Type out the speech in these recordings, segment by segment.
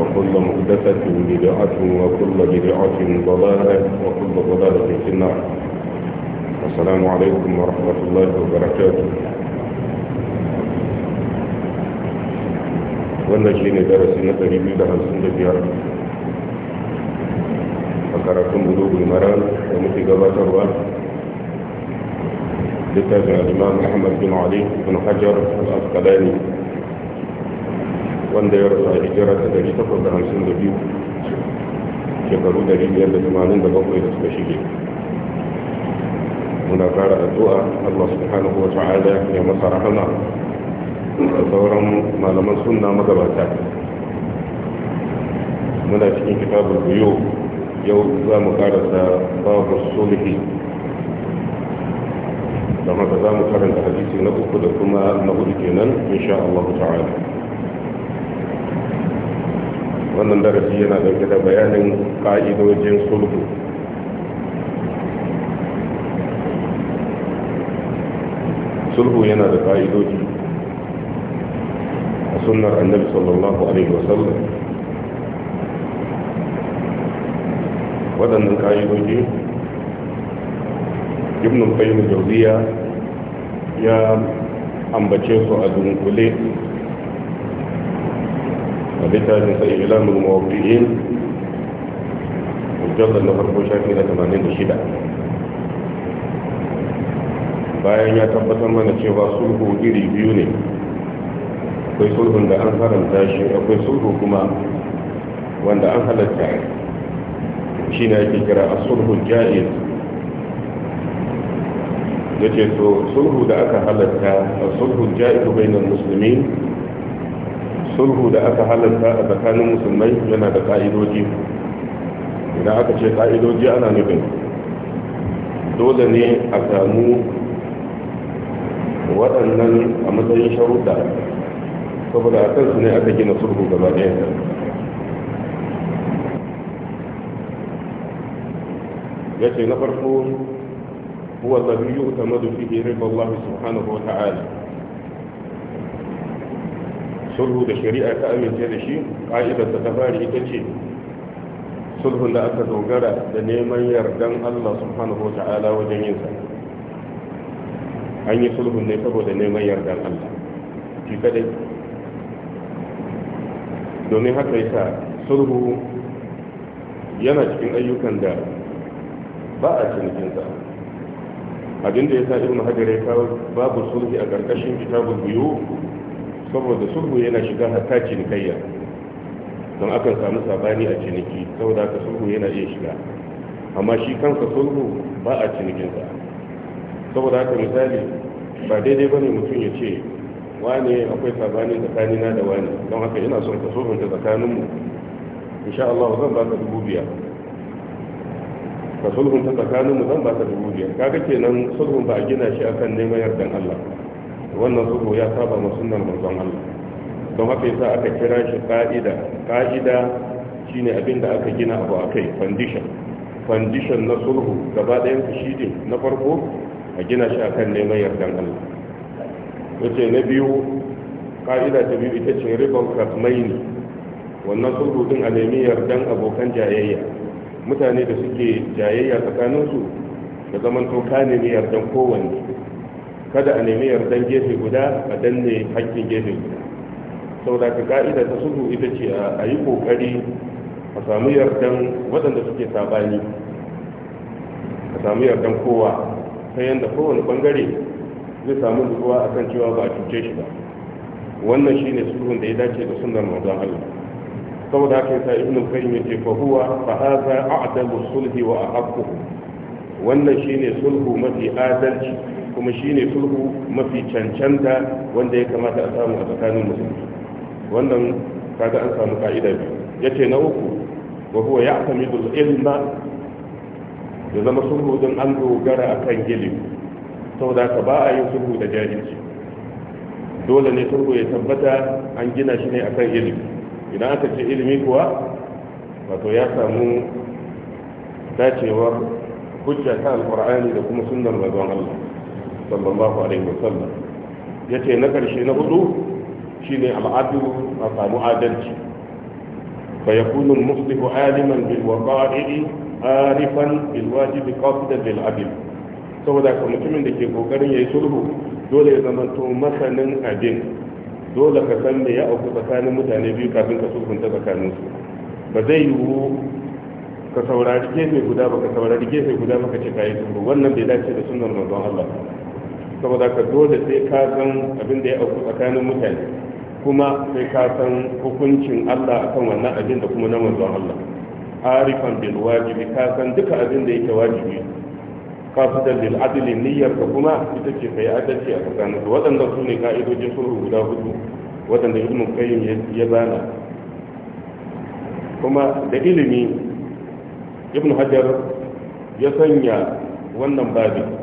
وكل مهدفة بدعة وكل بدعة ضلالة وكل ضلالة في النار السلام عليكم ورحمة الله وبركاته والنجين درس نتري بيدها سنة ديار فكركم بلوغ المران ومتي قبات الوان لتابع الإمام محمد بن علي بن حجر الأفقلاني wanda ya rasu a hijira ta 852 shekaru 587 da suka shige muna fara addu'a Allah subhanahu wa ta'ala ya masa rahama da sauran malaman sunna magabata muna cikin kitabul biyu yau za mu karasa babu sulhi da haka za mu karanta hadisi na uku da kuma na hudu kenan insha Allah ta'ala wannan darasi yana dauke da bayanin ka'idojin sulhu sulhu yana da ka'idoji a sunnar annabi sallallahu alaihi wasallam waɗannan ka'idoji ibn qayyim jawziya ya ambace su a dunkule littafin sa ilamin mawafi'in mujallar na farko shafi na 86 bayan ya tabbatar mana cewa sulhu iri biyu ne akwai sulhun da an haramta shi akwai sulhu kuma wanda an halatta shi na yake kira a sulhun ja'iz ya ce to sulhu da aka halatta a sulhun ja'iz bainar musulmi sulhu da aka halarta a tsakanin musulmai yana da ka'idoji idan aka ce ka'idoji ana nufin dole ne a samu waɗannan a matsayin sharuɗa saboda a kansu ne aka gina sulhu gaba ɗaya ya ce na farko huwa zabi yi utamadu fi hirin Allah subhanahu wa ta'ala sulhu da shari'a ta amince da shi ƙa'idar ta fari ita ce sulhun da aka dogara da neman yardan Allah subhanahu wa ta'ala wajen yinsa an yi sulhun ne saboda neman yardan Allah ki kadai domin haka yasa sulhu yana cikin ayyukan da ba a cinikinsa abinda ya sa hajar ya kawo babu sulhi a ƙarƙashin kitabul biyu saboda sulhu yana shiga hatta cinikayya don akan samu sabani a ciniki saboda haka sulhu yana iya shiga amma shi kansa sulhu ba a cinikinsa saboda haka misali ba daidai ba ne mutum ya ce wane akwai sabani tsakanina da wane don haka ina son ka sulhunta tsakaninmu insha Allah zan ba ka dubu biyar ka sulhunta tsakaninmu zan ba ka dubu biyar kaga kenan sulhun ba a gina shi akan neman yardan Allah wannan zubo ya saba ma sunnar manzon Allah don haka yasa aka kira shi ka'ida ka'ida shine abin da aka gina abu akai foundation foundation na sulhu gaba ɗayan shi ne na farko a gina shi akan neman yardan Allah yace na biyu ka'ida ta biyu ita ce ribal kasmaini wannan sulhu din a nemi yardan abokan jayayya mutane da suke jayayya tsakaninsu da zaman to ka nemi yardan kowanne kada a nemi yardan gefe guda a danne hakkin gefe guda saboda ka ka'ida ta sulhu ita ce a yi kokari a samu yardan waɗanda suke sabani a samu yardan kowa ta yadda kowane bangare zai samu a kan cewa ba a cuce shi ba wannan shine sulhun da ya dace da sunnar manzon Allah saboda haka yasa ibn qayyim yace fa huwa fa hadha a'dalu sulhi wa ahaqquhu wannan shine sulhu mafi adalci kuma shine sulhu mafi cancanta wanda ya kamata a samu a tsakanin musulmi wannan kaga an samu ka'ida biyu ce na uku wa huwa sami da ilma ya zama sulhu don an dogara akan ilimi saboda ka ba a yin sulhu da jahilci dole ne sulhu ya tabbata an gina shi ne akan ilimi idan aka ce ilimi kuwa wato ya samu dacewar hujja ta alkur'ani da kuma sunnar manzon Allah sallallahu alaihi wa ya ce na ƙarshe na hudu shine al'adu a samu adalci fa yakunu al-muslihu aliman bil waqa'i arifan bil wajib qasidan bil adl saboda ka mutumin da ke kokarin yayi sulhu dole ya zama to masanin abin dole ka san me ya auku tsakanin mutane biyu kafin ka sulhunta tsakanin su ba zai yiwu ka saurari gefe guda ba ka saurari gefe guda ba ka ce kayi sulhu wannan bai dace da sunan manzon Allah saboda ka dole sai ka san abin da ya auku tsakanin mutane kuma sai ka san hukuncin Allah akan wannan abin da kuma na manzo Allah arifan bil wajibi ka san duka abin da yake wajibi qasidan lil adli niyyar ka kuma ita ce kai adalci a tsakanin su waɗannan su ne ka'idojin sulhu guda hudu waɗanda ibnu qayyim ya bana kuma da ilimi ibn hajar ya sanya wannan babin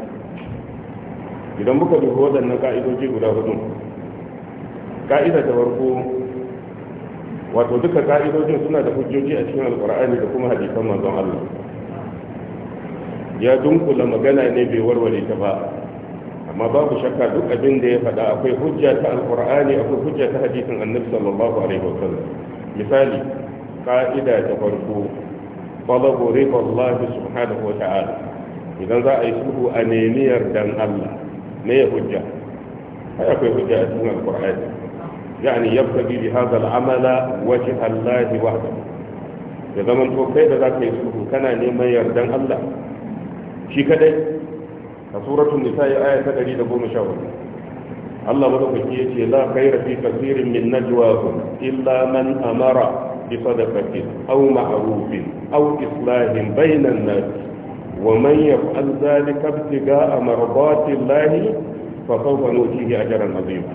idan muka dubi waɗannan ka'idoji guda hudu ka'ida ta farko wato duka ka'idojin suna da hujjoji a cikin Alƙur'ani da kuma hadisan manzon Allah ya dunkula magana ne bai warware ta ba amma babu shakka duk abin da ya faɗa akwai hujja ta Alƙur'ani, akwai hujja ta hadisin annabi sallallahu alaihi sallam misali ka'ida ta farko talabu ridallahi subhanahu wa ta'ala idan za a yi sulhu a nemiyar dan Allah me ya hujja ai akwai hujja a cikin alqur'ani yani yabtagi bi hadha al'amala wajha Allah wahdahu ya zaman to kai da zaka yi suhu kana neman yardan Allah shi kadai a suratul nisa aya ta 114 Allah madaukaki ya ce la khaira fi kathirin min najwahum illa man amara bi sadaqatin aw ma'rufin aw islahin bainan nas ومن يفعل ذلك ابتغاء مرضات الله فسوف نؤتيه اجرا عظيما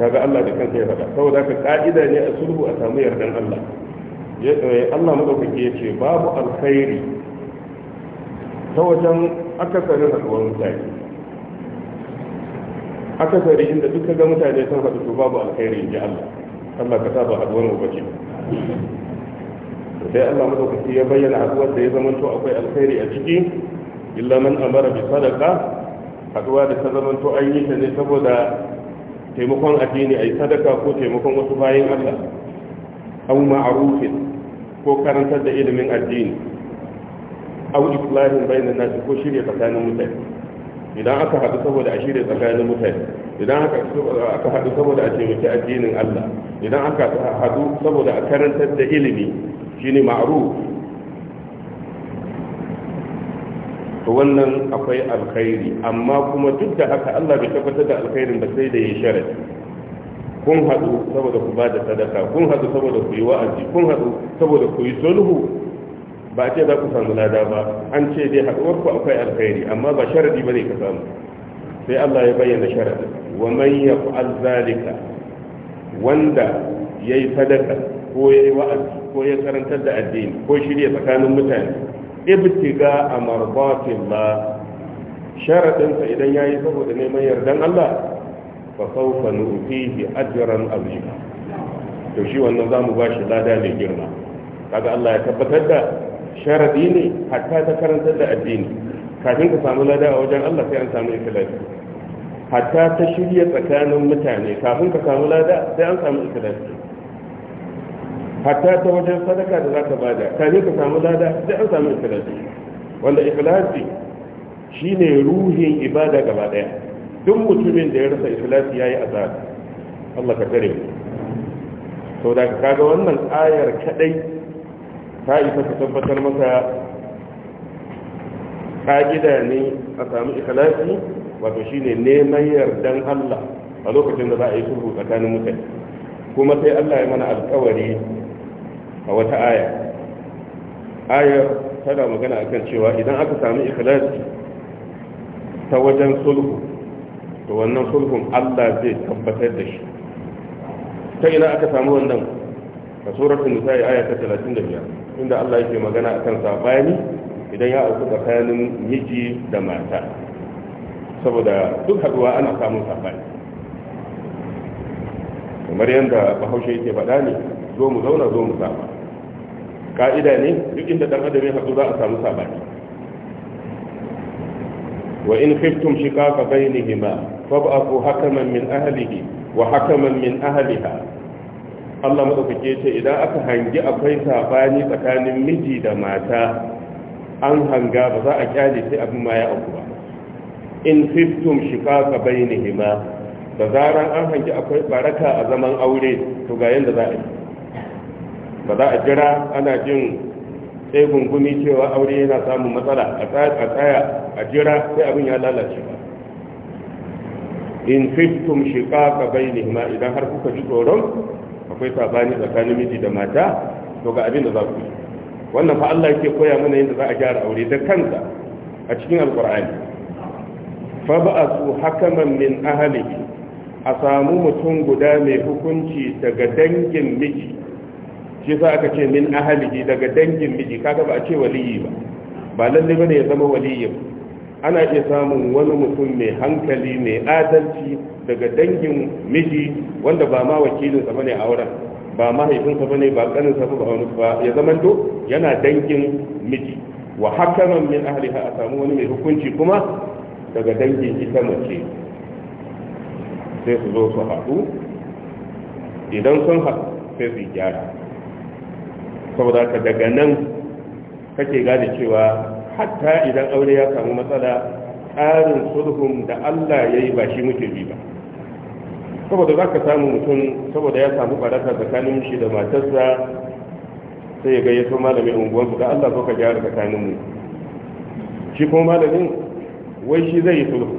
kaga Allah da kansa ya faɗa saboda ka ka'ida ne a sulhu a samu yardan Allah Allah madaukaki ya ce babu alkhairi ta wajen akasarin haɗuwar mutane akasari inda duk ga mutane sun faɗi to babu alkhairi in ji Allah Allah ka sa saba haɗuwar mu bace sai Allah madaukaki ya bayyana haduwar da ya zama to akwai alkhairi a ciki illa man amara bi sadaka haduwa da ta zama to an yi ta ne saboda taimakon addini ai sadaka ko taimakon wasu bayin Allah aw ma'rufin ko karantar da ilimin addini aw islahin bainan nas ko shirye tsakanin mutane idan aka haɗu saboda a shirye tsakanin mutane idan aka haɗu saboda a taimaki addinin Allah idan aka haɗu saboda a karantar da ilimi shine ma'ruf to wannan akwai alkhairi amma kuma duk da haka Allah bai tabbatar da alkhairin ba sai da ya sharadi kun haɗu saboda ku ba da sadaka kun haɗu saboda ku yi wa'azi kun haɗu saboda ku yi sulhu ba ce za ku samu lada ba an ce dai haɗuwar ku akwai alkhairi amma ba sharadi bane ka samu sai Allah ya bayyana sharadi wa man yaf'al zalika wanda yayi sadaka ko yayi wa'azi ko ya karantar da addini ko shirya tsakanin mutane ibtiga a marbatin la sharaɗinsa idan ya yi saboda neman yardan Allah fa saufa nu'tihi ajran azima to shi wannan zamu bashi lada mai girma kaga Allah ya tabbatar da sharadi ne hatta ta karantar da addini kafin ka samu lada a wajen Allah sai an samu ikhlasi hatta ta shirya tsakanin mutane kafin ka samu lada sai an samu ikhlasi hatta ta wajen sadaka da za ka bada ka je ka samu lada sai an samu ikhlasi wanda ikhlasi shine ruhin ibada gaba daya duk mutumin da ya rasa ikhlasi yayi azab Allah ka tare mu sau da kaga wannan ayar kadai ta isa ka tabbatar maka ka'ida ne a samu ikhlasi wato shine neman yardan Allah a lokacin da za a yi sulhu tsakanin mutane kuma sai Allah ya mana alkawari a wata aya ayar tana magana a kan cewa idan aka sami ikhlasi ta wajen sulhu to wannan sulhun Allah zai tabbatar da shi ta ina aka sami wannan a suratul nisa'i aya ta 35 inda Allah yake magana a akan sabani idan ya auku tsakanin miji da mata saboda duk haduwa ana samun sabani kamar yadda bahaushe yake faɗa ne zo mu zauna zo mu saba ka'ida ne duk inda dan adam ya haɗu za a samu sabani wa in khiftum shiqaqa bainihima fab'athu hakaman min ahlihi wa hakaman min ahliha Allah madaukake ce idan aka hangi akwai sabani tsakanin miji da mata an hanga ba za a kyale sai abin ma ya auku ba in khiftum shiqaqa bainihima da zaran an hangi akwai baraka a zaman aure to ga yanda za a yi ba za a jira ana jin sai gungumi cewa aure yana samun matsala a tsaya a jira sai abin ya lalace ba in fiftum bai nema idan har kuka ji tsoron akwai sabani tsakanin miji da mata to ga abin da za ku yi wannan fa Allah yake koya mana yadda za a gyara aure da kansa a cikin alkur'ani fa ba'athu hakaman min ahlihi a samu mutum guda mai hukunci daga dangin miji shi sa aka ce min ahalihi daga dangin miji kaga ba a ce waliyi ba ba lalle bane ya zama waliyi ana iya samun wani mutum mai hankali mai adalci daga dangin miji wanda ba ma wakilin sa bane auren ba mahaifinsa bane ba kanin sa ba wani ba ya zama to yana dangin miji wa hakaman min ahliha a samu wani mai hukunci kuma daga dangin ita mace sai su zo su haɗu idan sun haɗu sai su gyara saboda ka daga nan kake gane cewa hatta idan aure ya samu matsala tsarin sulhun da Allah ya yi ba shi muke bi ba saboda za ka samu mutum saboda ya samu baraka tsakanin shi da matarsa sai ya gayyato malamin unguwansu da Allah zo ka gyara tsakanin mu shi kuma malamin wai shi zai yi sulhu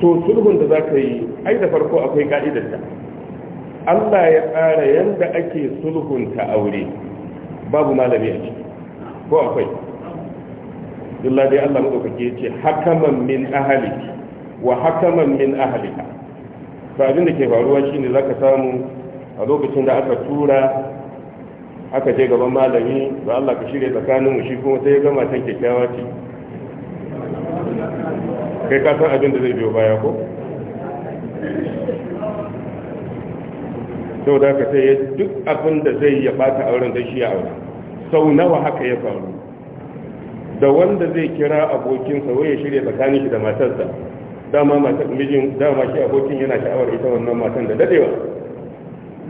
to sulhun da za ka yi ai da farko akwai ka'idarta Allah ya tsara yanda ake sulhunta aure babu malami a ciki ko akwai illa dai Allah madaukake ya ce hakaman min ahli wa hakaman min ka. to abin da ke faruwa shine zaka samu a lokacin da aka tura aka je gaban malami da Allah ka shirya tsakanin mu shi kuma sai ya gama tan kyakkyawa ce kai ka san abin da zai biyo baya ko da ka sai ya duk abin da zai ya bata auren da shi ya aure sau nawa haka ya faru da wanda zai kira abokinsa wai ya shirya tsakanin shi da matarsa dama matar mijin dama shi abokin yana sha'awar ita wannan matan da dadewa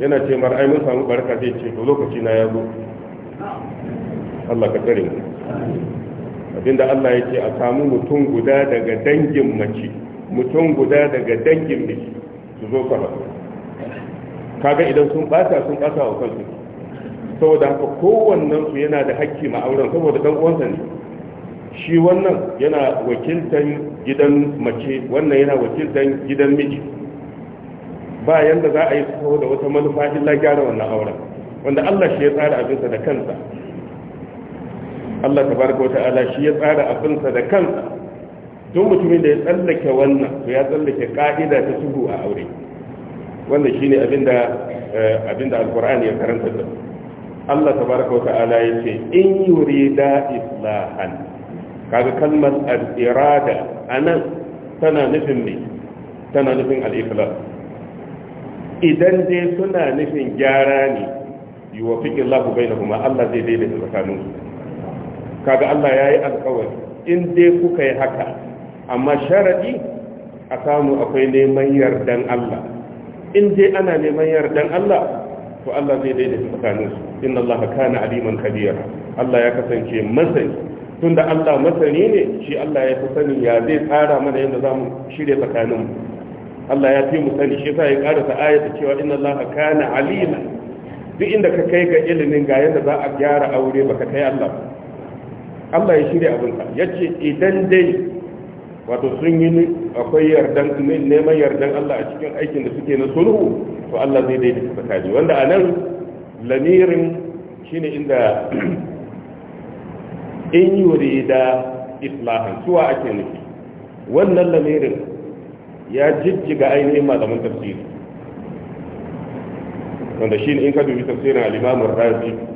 yana ce mar ai mun samu barka zai ce to lokaci na ya zo Allah ka tare mu abinda Allah yake a samu mutum guda daga dangin mace mutum guda daga dangin miji su zo fara. kaga idan sun bata sun bata wa kansu saboda haka kowannen su yana da hakki ma auren saboda dan uwansa ne shi wannan yana wakiltan gidan mace wannan yana wakiltan gidan miji ba yanda za a yi saboda wata manufa illa gyara wannan auren wanda Allah shi ya tsara abinsa da kansa Allah tabaraka wata'ala shi ya tsara abinsa da kansa don mutumin da ya tsallake wannan to ya tsallake ka'ida ta suhu a aure wannan shine abinda eh, abinda alqur'ani ya karanta da Allah tabaraka wa ta'ala yace in yurida islahan kaga kalmar al-irada anan tana nufin me tana nufin al-ikhlas idan dai suna nufin gyara ne yuwafiqu Allah bainahuma Allah zai daidaita tsakaninsu kaga Allah yayi alƙawari in dai kuka yi haka amma sharadi a samu akwai neman yardan Allah in dai ana neman yardan Allah to Allah zai daidaita tsakanin su inna Allah kana aliman kabira Allah ya kasance masani tunda Allah masani ne shi Allah ya fi sani ya zai tsara mana yadda zamu shirye tsakanin mu Allah ya fi mu sani shi sai ya ta ayata cewa inna Allah kana alima duk inda ka kai ga ilimin ga yadda za a gyara aure baka kai Allah Allah ya shirya abinka yace idan dai wato sun yi akwai yardan neman yardan Allah a cikin aikin da suke na sulhu to Allah zai ta tsakani wanda a nan lamirin shine inda in yurida islahan suwa ake nufi wannan lamirin ya jijjiga ainihin malamin tafsiri wanda shine in ka dubi tafsirin al-Imam Razi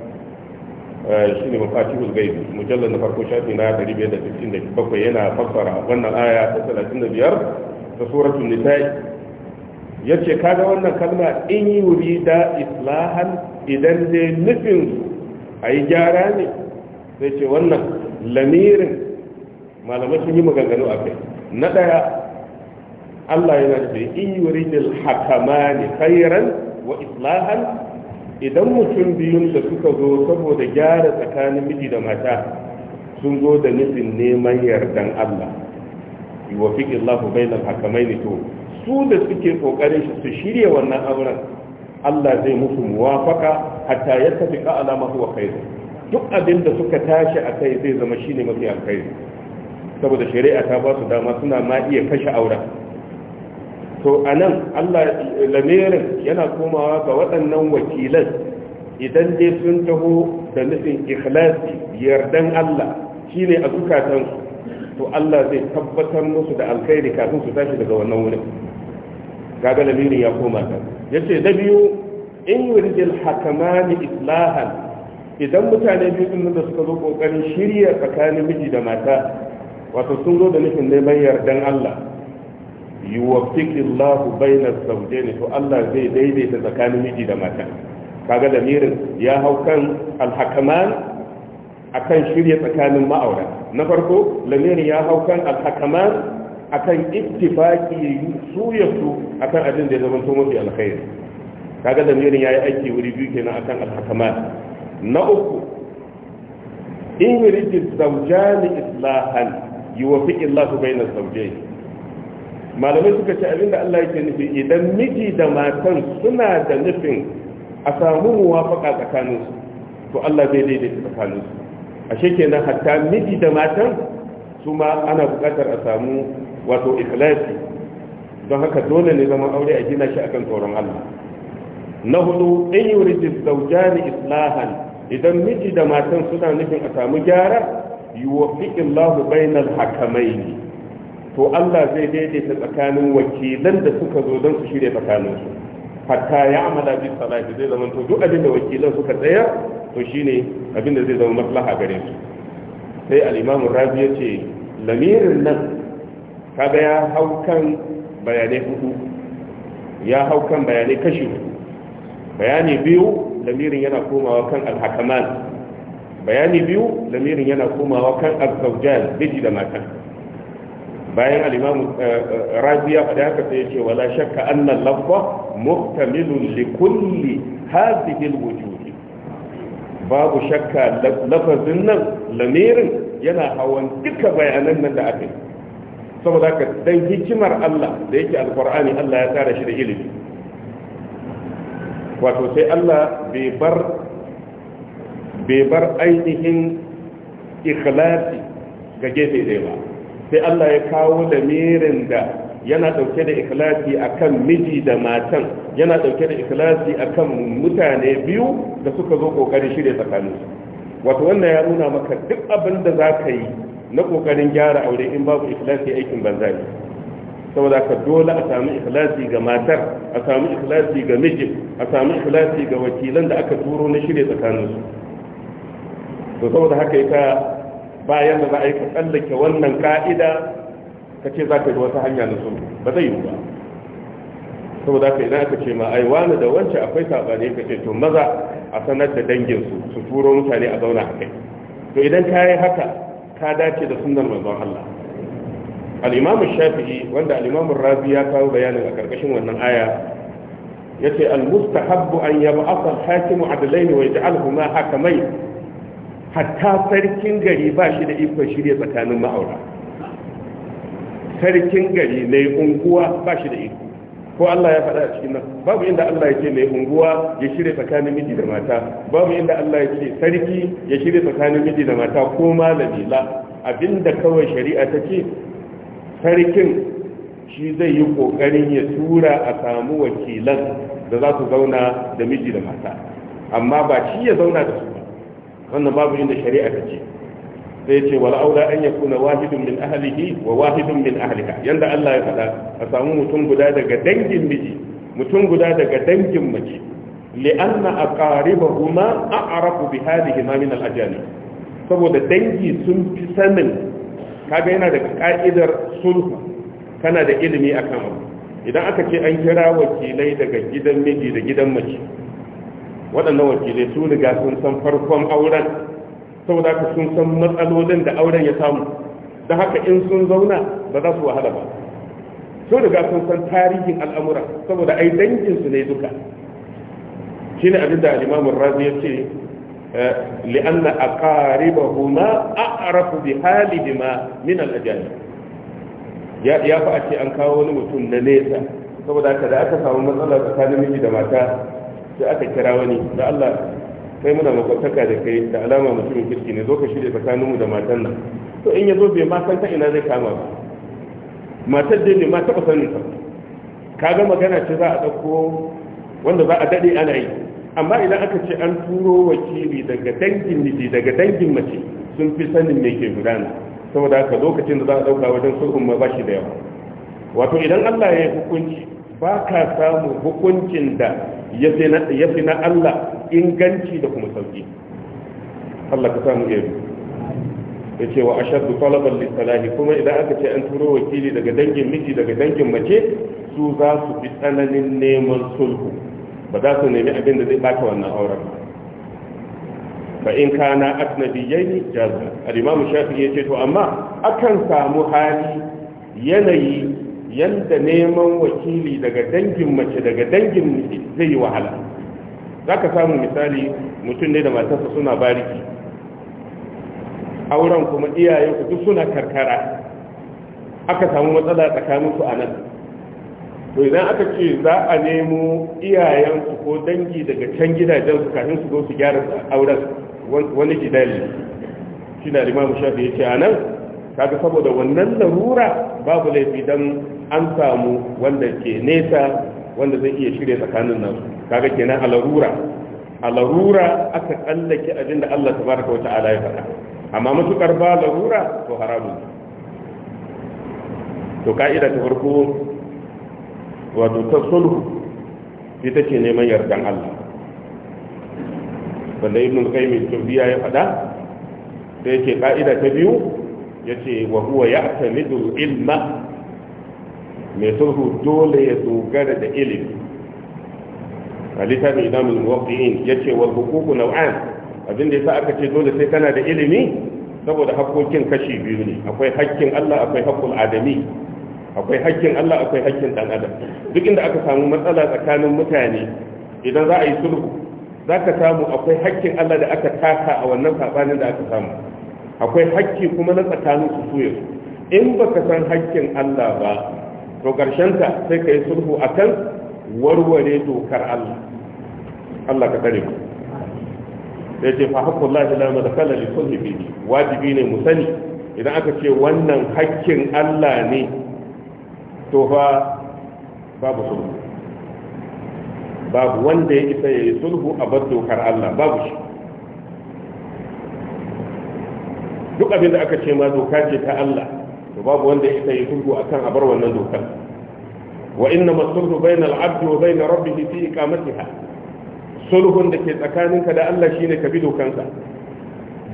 Eh, shi ne mafatihul gaibi mujallar na farko shafi na 597 yana fassara wannan aya ta 35 ta suratul nisa'i yace kaga wannan kalma in yurida islahan idan ne nufin ayi gyara ne sai ce wannan lamirin malamai sun yi maganganu a kai na daya Allah yana ce in da yuridil hakamani khairan wa islahan idan mutum biyun da suka zo saboda gyara tsakanin miji da mata sun zo da nufin neman yardan Allah wa fiƙin lafi bainar hakamai ne to su da suke ƙoƙarin su shirya wannan auren Allah zai musu muwafaka hatta ya tafi ka'ala masu wa kai duk abin da suka tashi a kai zai zama shine mafi alkhairi saboda shari'a ta ba su dama suna ma iya kashe auren to a nan allah lamirin yana komawa ga waɗannan wakilan idan dai sun taho da nufin ikhlasi yardan allah shine a zukatansu to allah zai tabbatar musu da alkhairi kafin su tashi daga wannan wurin kaga lamirin ya koma kan ce na biyu in yuridil hakamani islahan idan mutane biyu din da suka zo kokarin shirya tsakanin miji da mata wato sun zo da nufin neman yardan Allah yuwaffiqillahu bainas zawjayn to Allah zai daidaita tsakanin miji da mata kaga da mirin ya hau kan alhakaman akan shirya tsakanin ma'aura na farko lamirin ya hau kan alhakaman akan ittifaki su ya su akan abin da ya zama mafi alkhairi kaga da mirin yayi aiki wuri biyu kenan akan alhakaman. na uku in yuridu zawjani islahan yuwaffiqu Allah bayna zawjayn malamai suka ce abinda Allah yake nufi idan miji da matan suna da nufin a samu muwafaka tsakaninsu to Allah zai daidaita tsakaninsu ashe kenan hatta miji da matan su ma ana buƙatar a samu wato ikhlasi don haka dole ne zaman aure a gina shi akan tsoron Allah na hudu in yuridu zawjani islahan idan miji da matan suna nufin a samu gyara yuwaffiqillahu bainal hakamaini to Allah zai daidaita tsakanin wakilan da suka zo don su shirya tsakaninsu hatta ya amala bi salati zai zama to duk abin da wakilan suka tsaya to shine abin da zai zama maslaha gare su sai al-imam razi ya ce lamirin nan kaga ya hau kan bayanai hudu ya hau kan bayanai kashi hudu bayani biyu lamirin yana komawa kan al-hakaman bayani biyu lamirin yana komawa kan al-zawjan miji da matan bayan al-imam eh, rabiya fada haka sai ya ce wala shakka anna lafza muhtamilun li kulli hadhihi al babu shakka lafazin nan lamirin yana hawan duka bayanan nan da aka yi saboda haka dan hikimar Allah da yake alqur'ani Allah ya tsara shi da ilimi wato sai Allah bai bar bai bar ainihin ikhlasi ga gefe ɗaya ba sai Allah ya kawo mirin da yana ɗauke da ikhlasi akan miji da matan yana ɗauke da ikhlasi akan mutane biyu da suka zo kokarin shirye tsakaninsu wato wannan ya nuna maka duk abin da za ka yi na kokarin gyara aure in babu ikhlasi aikin banza ne saboda ka dole a samu ikhlasi ga matar a samu ikhlasi ga mijin a samu ikhlasi ga wakilan da aka turo na shirye tsakaninsu to saboda haka ita bayan da za a yi ka tsallake wannan ka'ida ka ce za ka yi wata hanya na sulhu ba zai yi ba saboda ka idan aka ce ma ai wani da wancan akwai sabani ka ce to maza a sanar da dangin su su turo mutane a zauna a kai to idan ka yi haka ka dace da sunan manzon Allah al-imam shafi'i wanda al-imam razi ya kawo bayanin a karkashin wannan aya yace al-mustahabbu an yab'atha al-hakimu adlayn wa yaj'alhuma hakamayn hatta sarkin gari ba shi da ikon shirya tsakanin ma'aura sarkin gari mai unguwa ba shi da iko ko Allah ya faɗa a cikin nan babu inda Allah ya ce mai unguwa ya shirya tsakanin miji da mata babu inda Allah ya ce sarki ya shirya tsakanin miji da mata ko malami la abinda kawai shari'a ta ce sarkin shi zai yi kokarin ya tura a samu wakilan da za su zauna da miji da mata amma ba shi ya zauna da su wannan babu inda shari'a ta ce sai ce wal aula an yakuna wahidun min ahlihi wa wahidun min ahliha yanda Allah ya faɗa a samu mutum guda daga dangin miji mutum guda daga dangin mace li'anna aqaribahuma a'rafu bi hadhihi ma min al-ajali saboda dangi sun fi sanin kaga yana daga ka'idar sulhu kana da ilimi akan idan aka ce an kira wakilai daga gidan miji da gidan mace waɗannan wakilai su riga sun san farkon auren saboda ka sun san matsalolin da auren ya samu da haka in sun zauna ba za su wahala ba Su riga sun san tarihin al'amura saboda ai danginsu ne duka shi ne abinda alimamun razi ya ce eh, li'anna a ƙaribahu ma a arafu bi hali ma min al'ajali ya fi a ce an kawo wani mutum na nesa saboda haka da aka samu matsala tsakanin miji da mata sai aka kira wani da Allah kai muna makwabtaka da kai da alama mutumin kirki ne zo ka shirya tsakaninmu da matan nan to in ya zo bai ma san ta ina zai kama ba matar dai ne ma taba sanin ta kaga magana ce za a dauko wanda za a daɗe ana yi amma idan aka ce an turo wakili daga dangin miji daga dangin mace sun fi sanin me ke gudana saboda haka lokacin da za a ɗauka wajen sulhun ma ba shi da yawa wato idan Allah ya yi hukunci ba ka samu hukuncin da ya fi na Allah inganci da kuma sauki Allah ka samu yabi ya ce wa ashaddu talabar lissalahi kuma idan aka ce an turo wakili daga dangin miji daga dangin mace su za su fi tsananin neman sulhu ba za su nemi abin da zai ɓata wannan auren Ba in kana ajnabiyyai jazza al-imam shafi'i ce to amma akan samu hali yanayi yanda neman wakili daga dangin mace daga dangin miji zai yi wahala za ka samu misali mutum ne da matarsa suna bariki auren kuma iyaye duk suna karkara aka samu matsala tsakanin su a nan to idan aka ce za a nemo iyayensu ko dangi daga can gidajensu kafin su zo su gyara auren wani gidali shi na limamu shafi ya ce a nan kaga saboda wannan larura babu laifi dan an samu wanda ke nesa wanda zai iya shirya tsakanin nan kaga kenan a larura a larura aka tsallake abin da Allah tabaraka wa ta'ala ya faɗa amma matukar ba larura to haramun to ka'ida ta farko wato ta sulhu ita ce neman yardan Allah wanda ibn qayyim tawbiya ya faɗa sai ke ka'ida ta biyu Ya ce, wa huwa ya'tamidu ilma mai sulhu dole ya dogara da ilimi a littafin imamu Ya ce, wal huququ nau'an? abin da sa aka ce dole sai kana da ilimi saboda haƙƙoƙin kashi biyu ne akwai haƙƙin Allah akwai hakkul adami akwai haƙƙin Allah akwai haƙƙin dan adam duk inda aka samu matsala tsakanin mutane idan za a yi sulhu za ka samu akwai haƙƙin Allah da aka taka a wannan sabanin da aka samu akwai hakki kuma na tsakanin su su yasu in ka san hakkin Allah ba to karshen ta sai kai sulhu akan warware dokar Allah Allah ka tare mu da ce fa haƙƙun lahi la madakala li kulli bi wajibi ne mu sani idan aka ce wannan haƙƙin Allah ne to fa babu sulhu babu wanda ya isa ya yi sulhu a bar dokar Allah babu shi duk abin da aka ce ma doka ce ta Allah to babu wanda ya yi sulhu akan a bar wannan dokar wa inna masulhu bayna al wa bayna rabbih fi iqamatiha sulhun da ke tsakaninka da Allah shine ka bi dokansa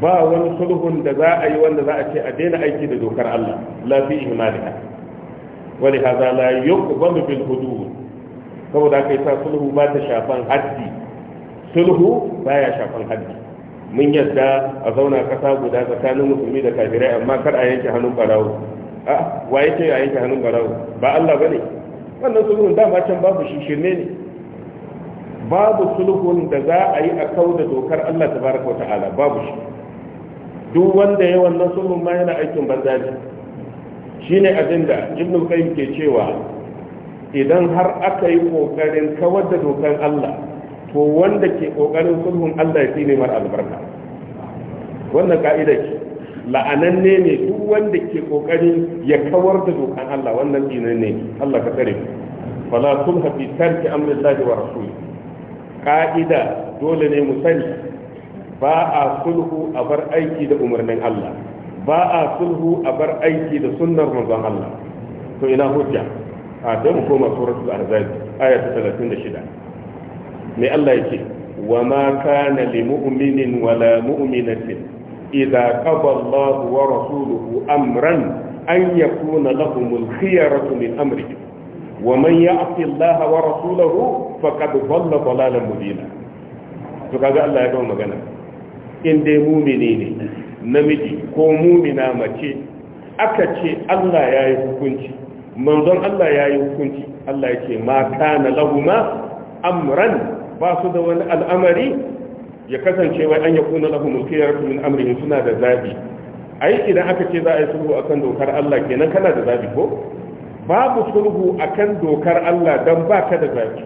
ba wani sulhun da za a yi wanda za a ce a daina aiki da dokar Allah la fi ihmalika wa li hadha la yuqbalu bil hudud saboda kai sa sulhu ba ta shafan haddi sulhu baya shafan haddi mun yadda a zauna kasa guda tsakanin musulmi da kafirai amma kar a yanke hannun barawo a waye ce a yanke hannun barawo ba Allah bane wannan sulhun dama can babu shi shirme ne babu sulhun da za a yi a kau da dokar Allah tabaraka wa ta'ala babu shi duk wanda ya wannan sulhun ma yana aikin banza ne shine abin da ibnu qayyim ke cewa idan har aka yi kokarin kawar da dokar Allah to wanda ke kokarin sulhun Allah ya ne mara albarka wannan ka'ida ce la'ananne ne duk wanda ke kokarin ya kawar da dokan Allah wannan dinan ne Allah ka tsare fala sulha fi tarki amri Allah wa rasuli ka'ida dole ne mu sani ba a sulhu a bar aiki da umarnin Allah ba a sulhu a bar aiki da sunnar manzon Allah to ina hujja a da mu koma suratul ahzab aya 36 Mai Allah yake wa ma kana li mu'minin wa la mu'minatin idza qada Allahu wa rasuluhu amran an yakuna lahumul khiyaratu min amrihim wa man ya'ti Allah wa rasulahu faqad dhalla dhalalan mubina to kaga Allah ya kawo magana in dai mumini ne namiji ko mumina mace aka ce Allah ya yi hukunci manzon Allah ya yi hukunci Allah ya ce ma kana lahuma amran ba su da wani al'amari ya kasance wai an yakuna lahum al-khiyaratu min amrihim suna da zabi ai idan aka ce za a yi sulhu akan dokar Allah kenan kana da zabi ko babu sulhu akan dokar Allah dan baka da zabi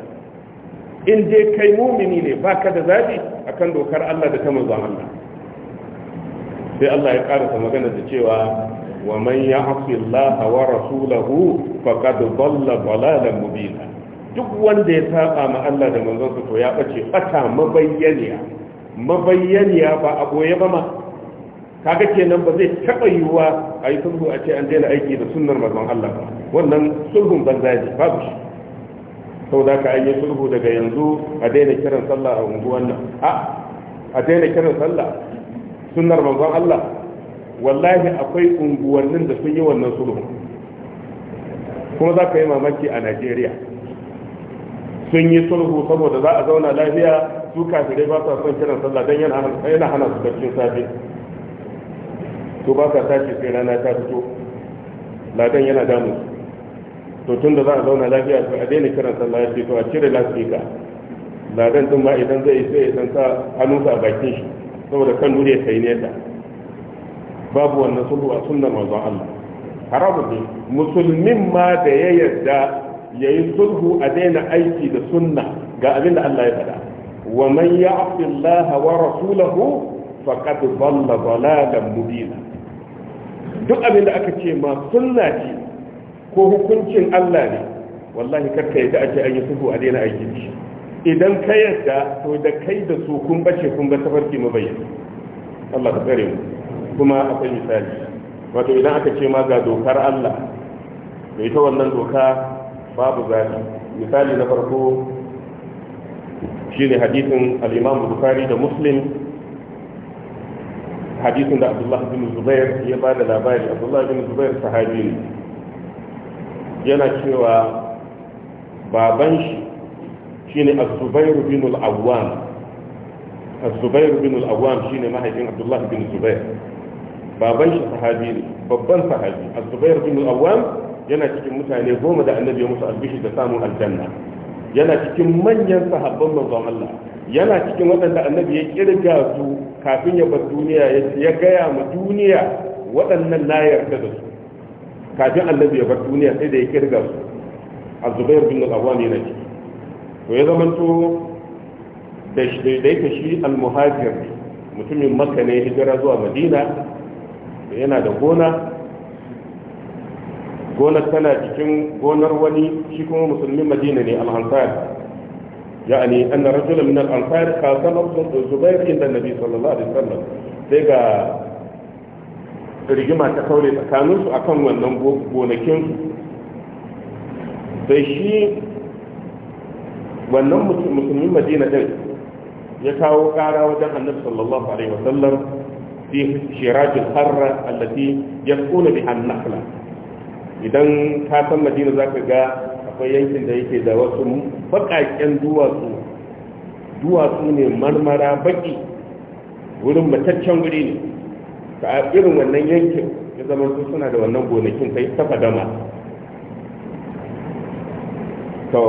in dai kai mumini ne baka da zabi akan dokar Allah da ta manzon Allah sai Allah ya karasa magana da cewa wa man ya'si Allah wa rasulahu faqad dhalla dhalalan mubina duk wanda ya saba ma Allah da manzonsa to ya bace bata mabayyaniya mabayyaniya ba a boye ba ma kaga kenan ba zai taba yiwuwa a yi sulhu a ce an daina aiki da sunnar manzon Allah ba wannan sulhun banza ne babu shi sau da ka an yi sulhu daga yanzu a daina kiran sallah a unguwan nan a a daina kiran sallah sunnar manzon Allah wallahi akwai unguwannin da sun yi wannan sulhu kuma za ka yi mamaki a Najeriya sun yi sulhu saboda za a zauna lafiya su kafirai ba sa son kiran sallah dan yana hana su barcin safe to ba sa tashi sai rana ta fito ladan yana damu to tun da za a zauna lafiya to a daina kiran sallah ya ce to a cire lasfika ladan din ma idan zai sai ya san sa hannunsa a bakin shi saboda kan dure ne da babu wannan sulhu a sunnar manzon Allah haramun ne musulmin ma da ya yarda ya yi sulhu a daina aiki da sunna ga abin da Allah ya faɗa wa man ya'fi Allah wa rasulahu faqad dhalla dhalalan mubina duk abin da aka ce ma sunna ce ko hukuncin Allah ne wallahi karka yadda ake an yi sulhu a daina aiki da shi idan ka yadda to da kai da su kun bace kun ga tafarki mabayyana Allah ka tsare mu kuma akwai misali wato idan aka ce ma ga dokar Allah da ita wannan doka babu zafi misali na farko shine hadisin al-Imam Bukhari da Muslim hadisin da Abdullah bin Zubair ya ba da labari Abdullah bin Zubair sahabi ne yana cewa baban shi shine Az-Zubair bin al-Awwam Az-Zubair bin al-Awwam shine mahaifin Abdullah bin Zubair baban shi sahabi ne babban sahabi Az-Zubair bin al-Awwam yana cikin mutane goma da annabi ya musu albishi da samun aljanna yana cikin manyan sahabban manzon Allah yana cikin waɗanda annabi ya kirga su kafin ya bar duniya ya gaya ma duniya waɗannan na yarda da su kafin annabi ya bar duniya sai da ya kirga su azubair bin al-awwam yana ciki to ya zamanto da yake shi al-muhajir mutumin makka ne hijira zuwa madina yana da gona gonar tana cikin gonar wani shi kuma musulmin madina ne al-ansar yani anna rajula min al-ansar qasama ibn zubair inda nabi sallallahu alaihi wasallam sai ga rigima ta kaure tsakanin su akan wannan gonakin su sai shi wannan musulmin madina din ya kawo kara wajen annabi sallallahu alaihi wasallam fi shirajil harra allati yaqulu bi an-nakhla idan ka san madina za ka ga akwai yankin da yake da wasu baƙaƙen duwatsu duwatsu ne marmara baƙi wurin mataccen wuri ne ta irin wannan yankin ya zama su suna da wannan gonakin kai ta fadama to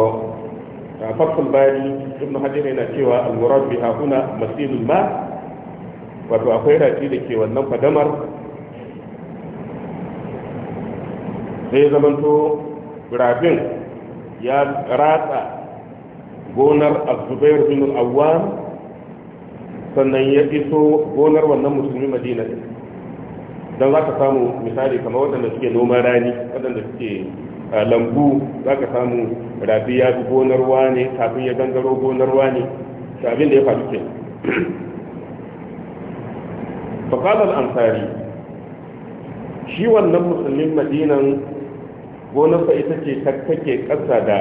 fasul bari ibn hajar yana cewa al-murad biha huna masilul ma wato akwai rafi da ke wannan fadamar sai zamanto rafin ya ratsa gonar azubair bin awwam sannan ya iso gonar wannan musulmi madina don za ka samu misali kamar waɗanda suke noma rani waɗanda suke eh, lambu za ka samu rafi ya fi gonar wane kafin ya gangaro gonar wane shi da ya faru ke fakalar ansari shi wannan musulmin madinan gonarsa ita ce ta kake ƙasa da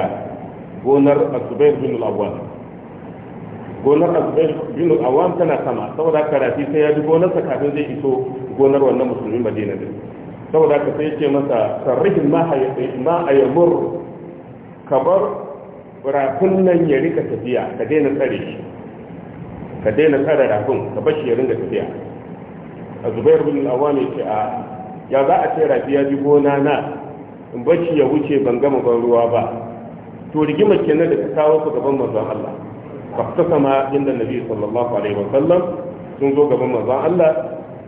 gonar azubai bin al'awwal gonar azubai bin al'awwal tana sama saboda karafi sai ya ji gonarsa kafin zai iso gonar wannan musulmin madina din saboda ka sai ce masa sarrihin ma a yamur ka bar rafin nan ya rika tafiya ka daina tsare shi ka daina tsare rafin ka bar shi ya ringa tafiya a zubair bin awam ya ce a ya za a ce rafi ya ji gona na bacci ya wuce ban gama ban ruwa ba to rigimar kenan da ta kawo su gaban manzon Allah sama inda nabi sallallahu alaihi wasallam sun zo gaban manzon Allah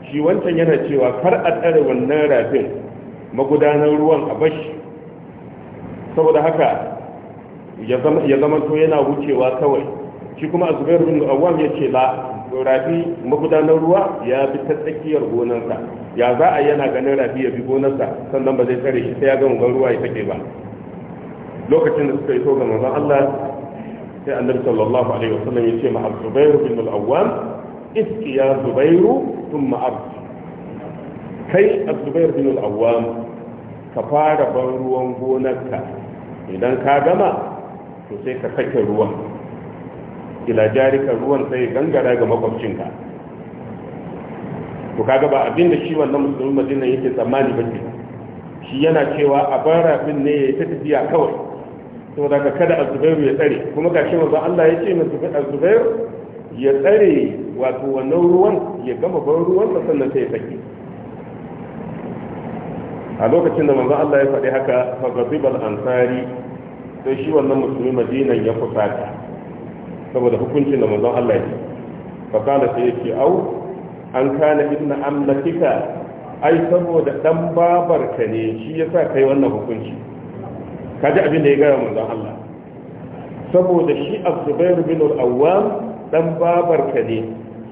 shi wancan yana cewa kar a tsare wannan rafin magudanar ruwan a bashi saboda haka ya zama to yana wucewa kawai shi kuma azubair bin awam ya ce la rafi magudanar ruwa ya bi ta tsakiyar gonarsa ya za a yana ganin rafi ya bi gonarsa sannan ba zai tsare shi sai ya ga mugan ruwa ya take ba lokacin da suka yi so ga manzon Allah sai annabi sallallahu alaihi wasallam ya ce ma azubair bin al iski ya zubairu thumma abdi kai azubair bin al ka fara ban ruwan gonarka idan ka gama sosai ka sake ruwan ila jarika ruwan sai gangara ga makwabcinka to kaga ba abin da shi wannan musulmin madina yake tsammani ba ke shi yana cewa a bara ne ya ta tafiya kawai To daga kada azubairu ya tsare kuma ga shi manzo Allah ya ce azubairu ya tsare wato wannan ruwan ya gama ban ruwan sa sannan sai ya saki a lokacin da manzo Allah ya faɗi haka fa ansari sai shi wannan musulmin madina ya fusata saboda hukuncin da manzon Allah ya fa kana sai yake au an kana ibna amlatika ai saboda dan babarka ne shi yasa kai wannan hukunci kaji abin da ya gaya manzon Allah saboda shi Abdullah bin al-Awwam dan babarka ne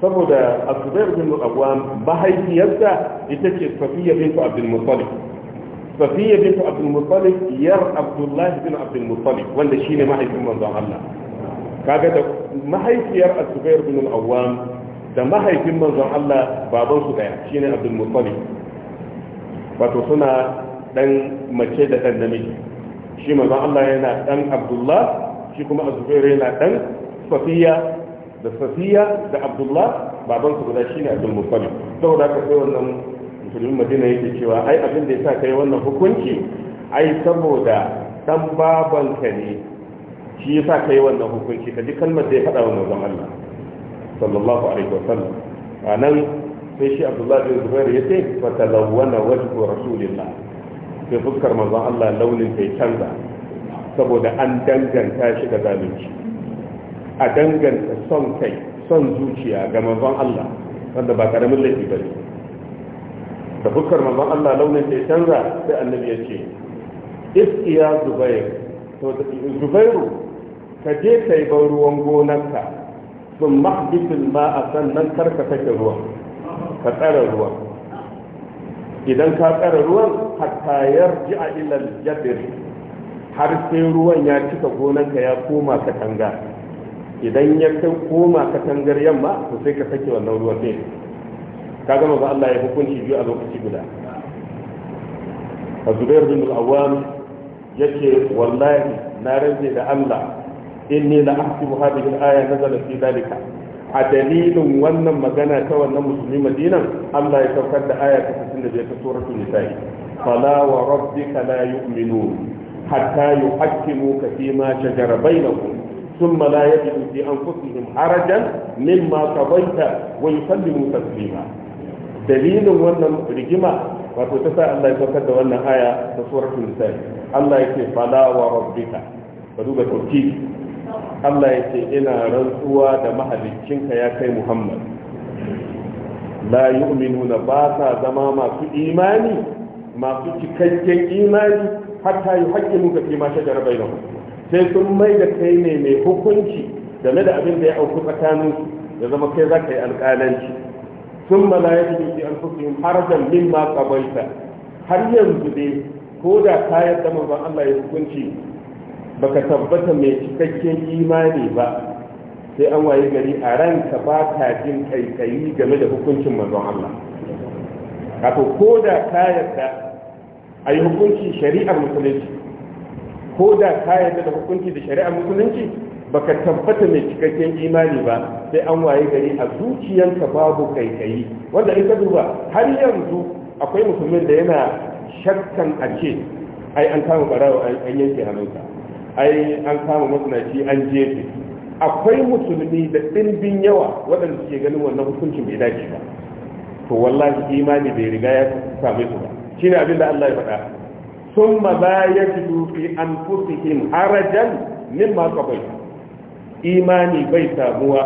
saboda Abdullah bin al-Awwam mahaifiyarsa ita ce Safiya bint Abdul Muttalib Safiya bint Abdul Muttalib yar Abdullah bin Abdul Muttalib wanda shine mahaifin manzon Allah kaga da mahaifiyar Zubair bin al da mahaifin manzon Allah baban su daya shine Abdul Muttalib wato suna dan mace da dan namiji shi manzon Allah yana dan Abdullah shi kuma Zubair yana dan Safiya da Safiya da Abdullah baban su guda shine Abdul Muttalib saboda haka sai wannan musulmin Madina yake cewa ai abin da yasa kai wannan hukunci ai saboda dan babanka ne shi yasa kai wannan hukunci ka duk kalmar da ya faɗa wa manzon Allah sallallahu alaihi wa sallam anan sai shi Abdullah bin Zubair ya ce fa talawwana wajhu rasulillah sai fuskar manzon Allah launin ta canza saboda an danganta shi ga zalunci a danganta son kai son zuciya ga manzon Allah wanda ba karamin laifi ba ne da fuskar manzon Allah launin ta canza sai annabi ya ce iskiya Zubair to Zubairu ka je ka yi ban ruwan gonarka sun ba a sannan karka kashe ruwan ka tsara ruwan idan ka tsara ruwan hatta yarji a ilal jabir har sai ruwan ya cika gonarka ya koma katanga idan ya koma katangar yamma to sai ka sake wannan ruwan ne ka gama ba Allah ya hukunci biyu a lokaci guda a zubair bin al-awwam yake wallahi na rage da Allah inni la ahsibu hadhihi al-aya nazala fi dhalika a dalilin wannan magana ta wannan musulmi madinan Allah ya saukar da aya ta 65 ta suratul nisa'i fala wa rabbika la yu'minun حتى يحكموك فيما شجر بينهم ثم لا يجدوا في انفسهم حرجا مما قضيت ويسلموا تسليما دليل وان رجما وتتسع الله يتوكد وان آية في سورة النساء الله يقول فلا وربك فدوبة تركيز Allah ya ce ina rantsuwa da mahalicinka ya kai Muhammad la yu'minuna ba sa zama masu imani masu cikakken imani hatta yi haƙƙin muka fi ma shajara bainahu sai sun mai da kai ne mai hukunci game da abin da ya auku tsakaninsu ya zama kai za ka yi alƙalanci sun mala ya fi alfusihim harajan min ma har yanzu dai ko da kayan da manzon Allah ya hukunci baka tabbata mai cikakken imani ba sai an waye gari a ranka ba ka jin kaikayi game da hukuncin manzon Allah Kato, ko da ka yarda a yi hukunci shari'ar musulunci ko da ka yarda da hukunci da shari'ar musulunci baka tabbata mai cikakken imani ba sai an waye gari a zuciyanka babu kaikayi wanda in ka duba har yanzu akwai musulmin da yana shakkan a ce ai an kama barawa an yanke hannunsa ai an kama masanaci an jefe akwai musulmi da ɗimbin yawa waɗanda suke ganin wannan hukuncin bai dace ba to wallahi imani bai riga ya same su ba shine abin da Allah ya faɗa summa la yajidu fi anfusihim harajan mimma qabaita imani bai samuwa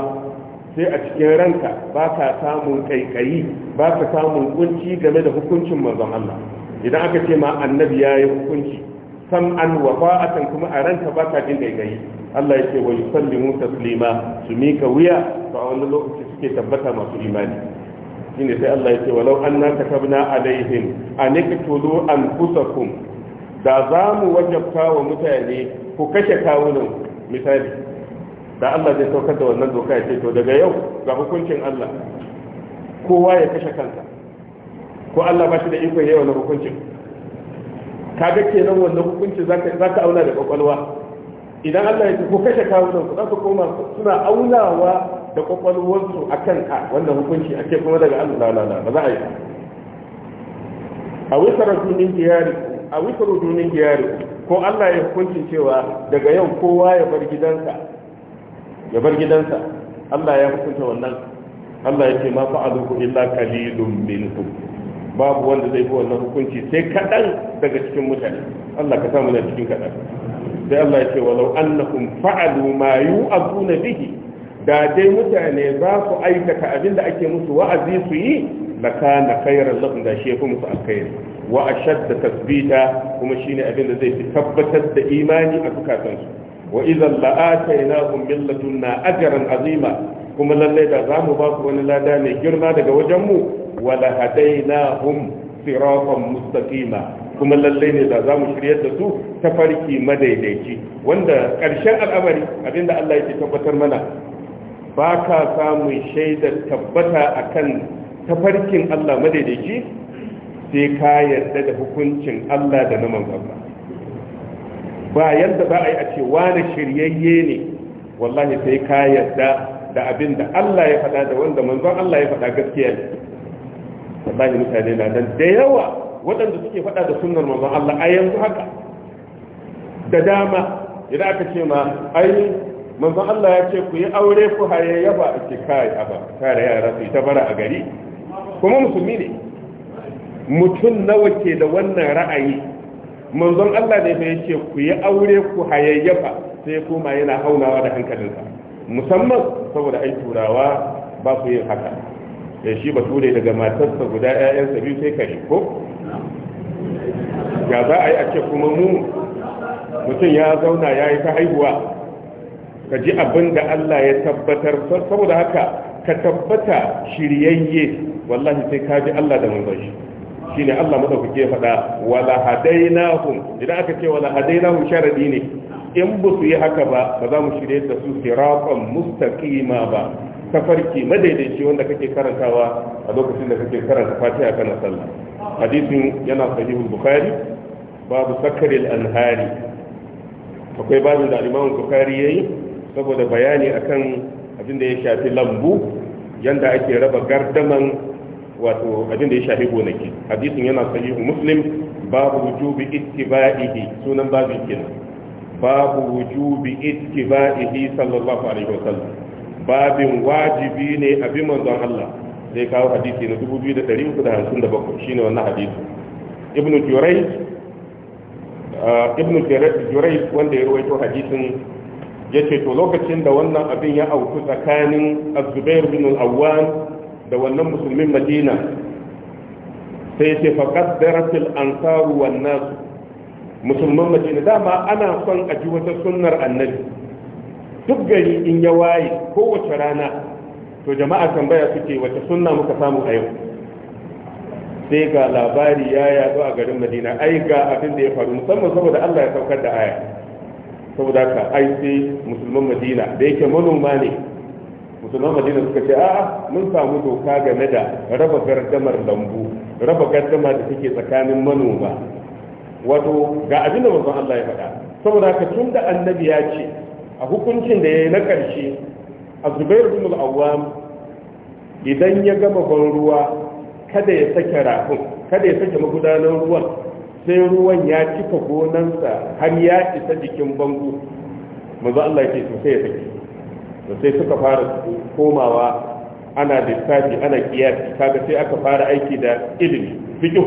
sai a cikin ranka ba ka samun kaikayi ba ka samun kunci game da hukuncin manzon Allah idan aka ce ma annabi ya yi hukunci an wa ba'atan kuma a ranka ba ka jin gaigayi Allah ya ce wa yusallimu taslima su mika wuya to a wani lokaci suke tabbata masu imani shine sai Allah ya ce walau anna katabna alaihim an iqtulu anfusakum da za mu wajabta wa mutane ku kashe kawunan misali da Allah zai saukar da wannan doka ya ce to daga yau ga hukuncin Allah kowa ya kashe kansa ko Allah ba shi da ikon yawa na hukuncin kaga kenan wannan hukunci za ka auna da kokolwa idan Allah ya ce ko kashe kawunan ku za koma suna aunawa da kokolwar su akan ka wannan hukunci ake kuma daga Allah la la ba za a yi a wisar dunin diyari a wisar dunin diyari ko Allah ya hukunci cewa daga yau kowa ya bar gidansa ya bar gidansa Allah ya hukunta wannan Allah ya ce ma fa'aluhu illa qalilun minhum babu wanda zai fi wannan hukunci sai kaɗan daga cikin mutane Allah ka samu na cikin kaɗan sai Allah ya ce walau annakum fa'alu ma yu'azuna bihi da dai mutane za su aikata abin da ake musu wa'azi su yi la kana khayran lahum da shi musu alkhairi wa ashadda tasbita kuma shine abin da zai fi tabbatar da imani a zukatansu wa idan la'atainahum min ladunna ajran azima kuma lallai da za mu ba su wani lada mai girma daga wajenmu wala hadainahum siratan mustaqima kuma lallai ne da za mu shiryar da su ta farki madaidaici wanda ƙarshen al'amari abinda Allah yake tabbatar mana ba ka samun shaidar tabbata akan tafarkin Allah madaidaici sai ka yarda da hukuncin Allah da na manzon ba yadda ba a yi a ce wani shiryayye ne wallahi sai ka yarda da abin da Allah ya faɗa da wanda manzon Allah ya faɗa gaskiya ne wallahi mutane na nan da yawa waɗanda suke faɗa da sunnar manzon Allah a yanzu haka da dama idan aka ce ma ai manzon Allah ya ce ku yi aure ku haye yaba a ce kai aba kare yara su ta bara a gari kuma musulmi ne mutum nawa ke da wannan ra'ayi manzon Allah ne ya ce ku yi aure ku haye yaba sai kuma yana haunawa da hankalinsa musamman saboda ai turawa ba su yin haka da shi ba bature daga matarsa guda 'ya'yansa biyu sai kare ko ya za a yi a ce kuma mu mutum ya zauna ya yi ta haihuwa ka ji abin da Allah ya tabbatar saboda haka ka tabbata shiryayye wallahi sai ka ji Allah da mulbashi shi ne Allah ku ke faɗa wala hadainahum idan aka ce wala hadainahum sharadi ne in ba su yi haka ba ba za mu shirye da su siratan mustaqima ba farki madaidaici wanda kake karantawa a lokacin da kake karanta fatiha kana sallah hadisin yana sahihul bukhari babu sakaril anhari akwai babin da imam bukhari yayi saboda bayani akan abin da ya shafi lambu yanda ake raba gardaman wato abin da ya shafi gonaki hadisin yana sahihul muslim babu wujubi ittiba'ihi sunan babin kenan babu wujubi ittiba'ihi sallallahu alaihi wasallam babin wajibi ne abin manzon Allah zai kawo hadisi na 2357 shine wannan hadisi Ibn jurai ibnu jurai uh, wanda ya rawaito hadisin ya ce to lokacin da wannan abin ya auku tsakanin azubair bin al-awwan da wannan musulmin madina sai ce faqad daratil ansaru wan nasu musulman madina dama ana son a ji wata sunnar annabi duk gari in ya waye kowace rana to jama'a tambaya suke wata sunna muka samu a yau sai ga labari ya yazo a garin madina ai ga abin da ya faru musamman saboda allah ya saukar da aya saboda ka ai sai musulman madina da yake manoma ne musulman madina suka ce a'a mun samu doka game da raba gardamar lambu raba gardama da take tsakanin manoma wato ga abin da manzon Allah ya faɗa saboda haka tun da annabi ya ce a hukuncin da ya yi na ƙarshe a zubair bin al-awwam idan ya gama ban ruwa kada ya sake rafin kada ya sake magudanar ruwan sai ruwan ya cika gonansa har ya isa jikin bango manzo Allah ya ce to sai ya sake to sai suka fara komawa ana lissafi ana kiyasi kaga sai aka fara aiki da ilimi fiqh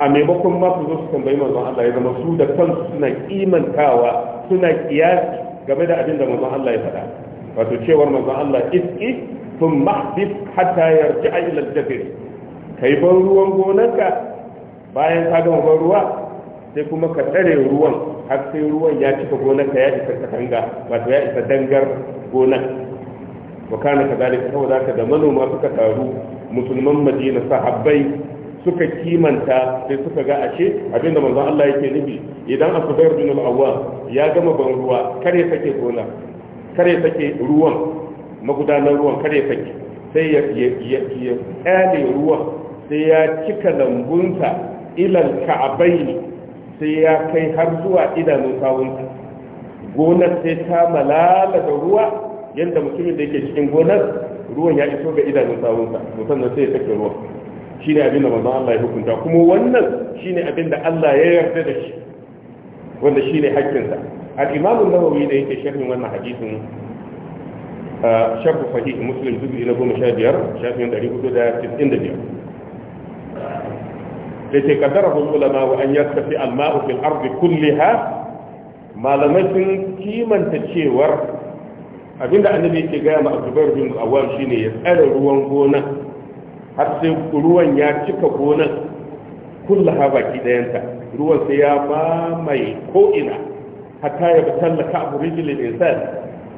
a maimakon ma su zo su tambayi manzon Allah ya zama su da kansu suna imantawa suna kiyasi game da abin da manzon Allah ya faɗa wato cewar manzon Allah iski sun mahdif hatta yarji a ilal jafir kai ban ruwan gonarka bayan ka gama ban ruwa sai kuma ka tsare ruwan har sai ruwan ya cika gonarka ya isa katanga wato ya isa dangar gonar wa kana kadalika saboda haka da manoma suka taru musulman madina sahabbai suka kimanta sai suka ga ashe abinda manzo Allah yake nufi idan Abubair bin al awwa ya gama ban ruwa kare sake gona kare sake ruwan magudanar ruwan kare sake sai ya ya ya ruwan sai ya cika lambunsa al-ka'bayn sai ya kai har zuwa idanun sawunsa gonar sai ta malala da ruwa yadda mutumin da yake cikin gonar ruwan ya iso ga idanun sawunsa musamman sai ya sake ruwan shine abin da manzon Allah ya hukunta kuma wannan shine abin da Allah ya yarda da shi wanda shine haƙƙinsa al-imam an-nawawi da yake sharhin wannan hadisin sharh sahih muslim juz'i na 15 shafin 495 yace qaddarahu ulama wa an yaktafi al-ma'u fil ardi kulliha malamai sun kimanta cewar abinda annabi yake gaya ma abubuwar bin awam shine ya tsare ruwan gona har sai ruwan ya cika gonan kullaha baki dayanta ruwan sai ya ba mai ko'ina hatta ya tallaka abu rijilin insan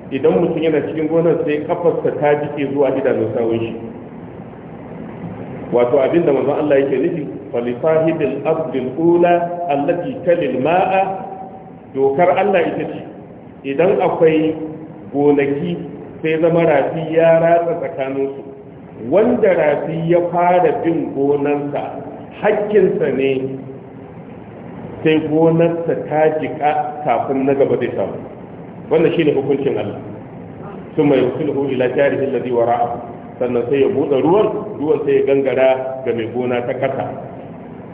idan mutum yana cikin gonar sai kafarsa ta jike zuwa idanun sawun shi wato abinda manzon Allah yake nufi falisahibil abdul ula allati talil ma'a dokar Allah ita ce idan akwai gonaki sai zama rafi ya ratsa tsakaninsu wanda rafi ya fara bin gonarsa hakkinsa ne sai gonarsa ta jika kafin na gaba da samu wannan shine hukuncin Allah sun mai yusulhu ila jarihin ladhi wara'a sannan sai ya buɗe ruwan ruwan sai ya gangara ga mai gona ta kasa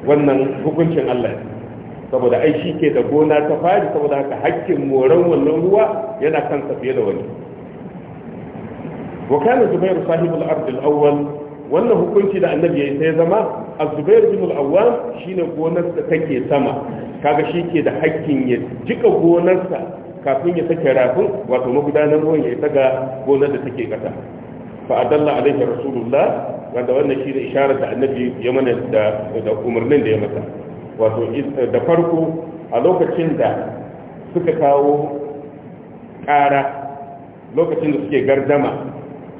wannan hukuncin Allah saboda ai shi ke da gona ta fari saboda haka hakkin moran wannan ruwa yana kansa fiye da wani wa kana zubair sahibul ard al-awwal wannan hukunci da annabi ya yi sai zama az-zubair bin al-awwal shine gonar da take sama kaga shi ke da hakkin ya jika gonarsa kafin ya sake rafin wato magudanar ruwan ya daga gonar da take kasa fa adalla alaihi rasulullah wanda wannan shine isharar da annabi ya mana da da umarnin da ya masa wato da farko a lokacin da suka kawo ƙara lokacin da suke gardama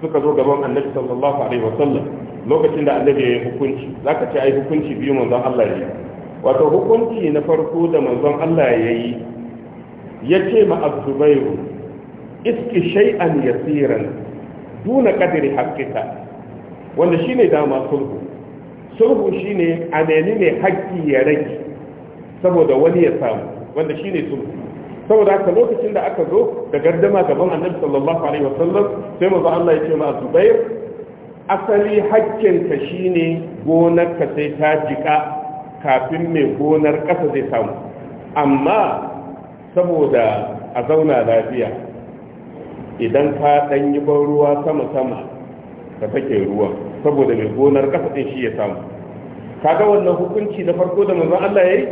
suka zo gaban annabi sallallahu alaihi wasallam lokacin da annabi ya yi hukunci zaka ce ai hukunci biyu manzon Allah ya yi wato hukunci na farko da manzon Allah ya yi ya ce ma abzubairu iski shay'an yasiran duna kadiri haqqita wanda shine dama sulhu sulhu shine a ne haƙƙi ya rage saboda wani ya samu wanda shine sulhu saboda haka lokacin da aka zo da gardama gaban annabi sallallahu alaihi wasallam sai manzo Allah ya ce ma Zubair asali hakkin ka shine gonar ka sai ta jika kafin mai gonar kasa zai samu amma saboda a zauna lafiya idan ka dan yi ban ruwa sama sama ka take ruwa saboda mai gonar kasa din shi ya samu kaga wannan hukunci na farko da manzon Allah yayi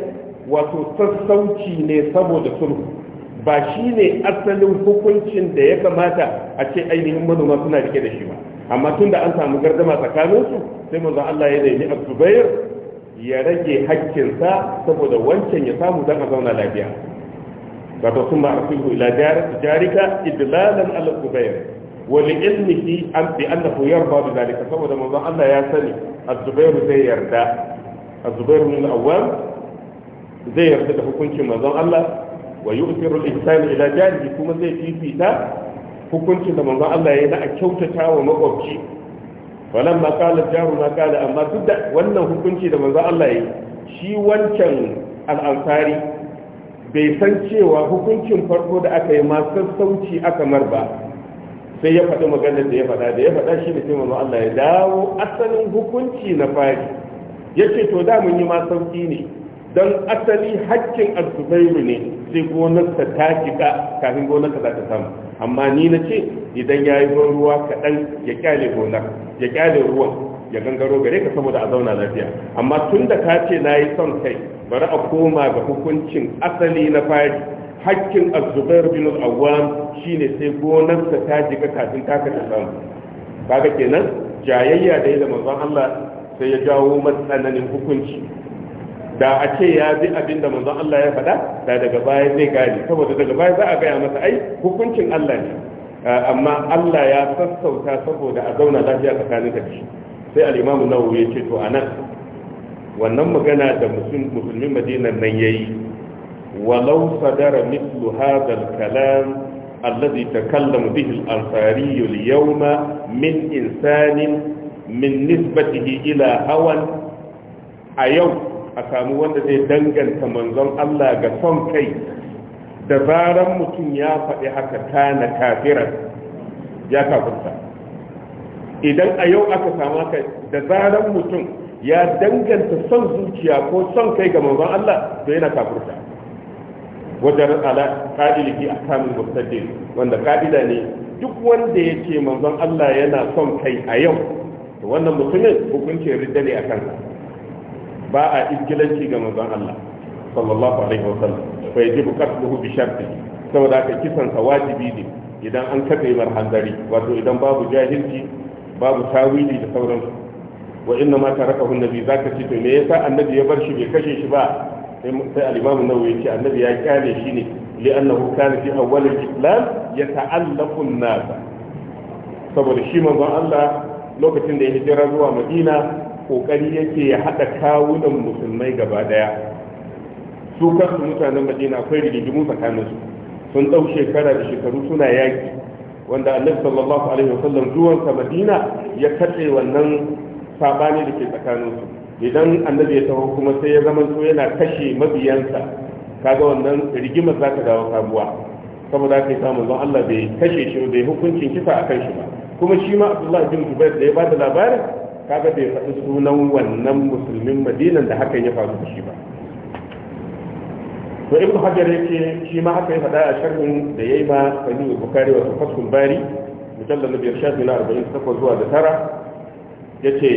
wato sassauci ne saboda sulhu ba shi ne asalin hukuncin da ya kamata a ce ainihin manoma suna rike da shi ba amma tun da an samu gardama tsakaninsu sai manzo Allah ya nemi Zubair ya rage hakkinsa saboda wancan ya samu don a zauna lafiya wato sun ma'arfihu ila jarika idlalan ala Zubair ولعلمه بأنه يرضى بذلك فهو ya الله zubairu سني الزبير زي يرضى الزبير من الأول zai yarda da hukuncin mazan Allah. wa yi al-ihsan ila jarihi kuma zai fifita hukuncin da manzon Allah ya yi na a kyautata wa makwabci falan ma kala jaru ma kala amma duk da wannan hukunci da manzon Allah ya yi shi wancan al'ansari bai san cewa hukuncin farko da aka yi masu sauci aka mar ba sai ya faɗi maganar da ya faɗa da ya faɗa shi da sai manzon Allah ya dawo asalin hukunci na fari ya ce to da mun yi ma sauki ne don asali haƙƙin al ne sai gonarsa ta jika kafin gonarsa za ta samu amma ni na ce idan ya yi ruwa kaɗan ya kyale gonar ya kyale ruwan ya gangaro gare ka saboda a zauna lafiya amma tun da ka ce na yi son kai bari a koma ga hukuncin asali na fari hakkin azubair bin al-awwam shine sai gonarsa ta kika kafin ta ka samu kaga kenan jayayya da ya da Allah sai ya jawo matsananin hukunci da a ce ya bi abin da manzon Allah ya faɗa da daga baya zai gane saboda daga baya za a gaya masa ai hukuncin Allah ne eh, amma Allah ya sassauta saboda a zauna lafiya tsakanin da shi sai al-Imam Nawawi ya ce to anan wannan magana da musulmin madinan nan yayi walau sadara mithlu hadha al-kalam الذي تكلم به الأنصاري اليوم من إنسان من نسبته إلى هوى a samu wanda zai danganta manzon Allah ga son kai da zaran mutum ya faɗi haka ta na kafira, ya kafirta idan a yau aka samu haka da zaran mutum ya danganta son zuciya ko son kai ga manzon Allah to yana kafirta wajen ala ka'ilihi a kamun mustaqim wanda ƙa'ida ne duk wanda ya ce manzon Allah yana son kai a yau to wannan mutumin hukuncin ridda ne a kansa ba a izgilanci ga manzon Allah sallallahu alaihi wa sallam fa yajibu qatluhu bi sharti saboda ka kisan sa wajibi ne idan an kafe mar hanzari wato idan babu jahilci babu tawili da sauransu wa inna ma tarakahu annabi zaka ce to me yasa annabi ya bar shi bai kashe shi ba sai al-imam an-nawawi ce annabi ya kyale shi ne li'annahu kana fi awwal al-islam yata'allaqu an-nas saboda shi manzon Allah lokacin da ya hijira zuwa Madina kokari yake ya haɗa kawunan musulmai gaba ɗaya. su kansu mutanen madina akwai rigingimu tsakaninsu sun ɗau shekara da shekaru suna yaki wanda annabi sallallahu alaihi wasallam zuwansa madina ya katse wannan sabani da ke tsakaninsu idan annabi ya taho kuma sai ya zama so yana kashe mabiyansa kaga wannan rigimar za ta dawo sabuwa saboda haka yasa manzon Allah bai kashe shi bai hukuncin kisa akan shi ba kuma shi ma Abdullah bin Zubair da ya bada labarin kaga bai faɗi sunan wannan musulmin madinan da hakan ya faru da shi ba to ibnu hajar yake shi ma haka ya faɗa a sharhin da yayi ma sani bukari wa fathul bari mujallal biyar shafi na 48 zuwa da tara yace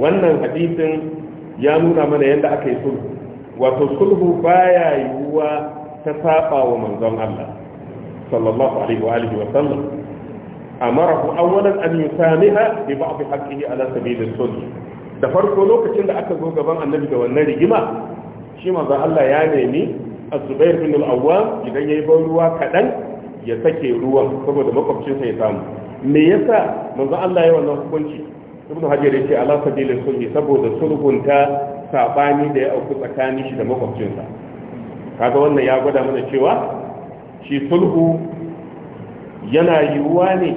wannan hadisin ya nuna mana yadda aka yi sulhu wato sulhu baya yiwuwa ta saba wa manzon Allah sallallahu alaihi wa alihi wa sallam amarahu awwalan an yusamiha bi ba'd haqqihi ala sabil as da farko lokacin da aka zo gaban annabi da wannan rigima shi manzo Allah ya nemi Az-Zubair bin al-Awwam idan yayi ban ruwa kadan ya sake ruwan saboda sa ya samu me yasa manzo Allah ya wannan hukunci Ibn Hajar yace ala sabil sulhi saboda sulhunta sabani da ya auku tsakanin shi da makwabcinsa kaga wannan ya gwada mana cewa shi sulhu yana yiwuwa ne